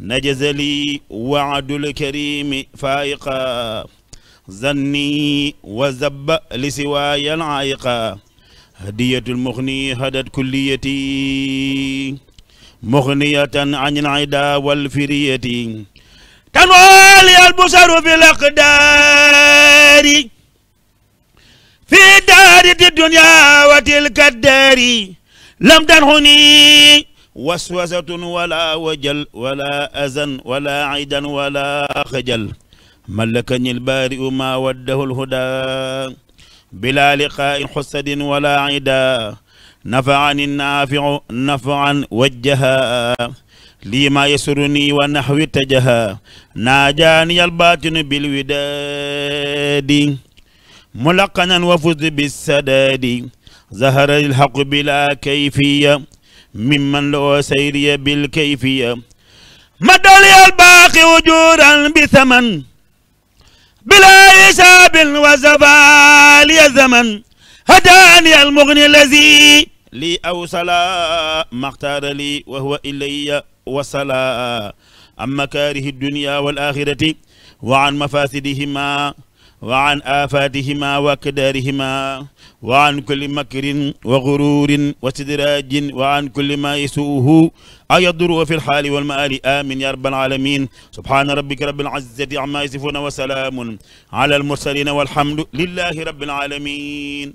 نجز لي وعد الكريم فائقا ظني وزب لسواي العائقا هدية المغني هدت كليتي مغنية عن العدا والفرية كنولي البصر في الأقدار في دار الدنيا وتلك الدار لم تنهني وسوسة ولا وجل ولا أذن ولا عيدا ولا خجل ملكني البارئ ما وده الهدى بلا لقاء حسد ولا عدا نفعني النافع نفعا وجها lii ma yasuruni wa nahwi tajaha naajaani albaatinu bil widaadi mulaqanan wa fuz bis sadaadi zahara alhaqu bila kayfiya mimman loo sayriya bil kayfiya madali albaaqi wujuran bi thaman bila isaabin wa zafaaliya zaman hadaani almugni lazi lii awsala maxtaara lii wa huwa ilayya وصلا عن مكاره الدنيا والآخرة وعن مفاسدهما وعن آفاتهما وكدارهما وعن كل مكر وغرور واستدراج وعن كل ما يسوءه أو يضره في الحال والمآل آمين يا رب العالمين سبحان ربك رب العزة عما يصفون وسلام على المرسلين والحمد لله رب العالمين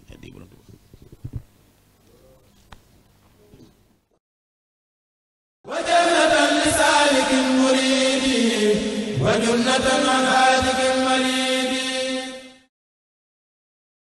wa jannatan li saalikin muriidi wa jannatan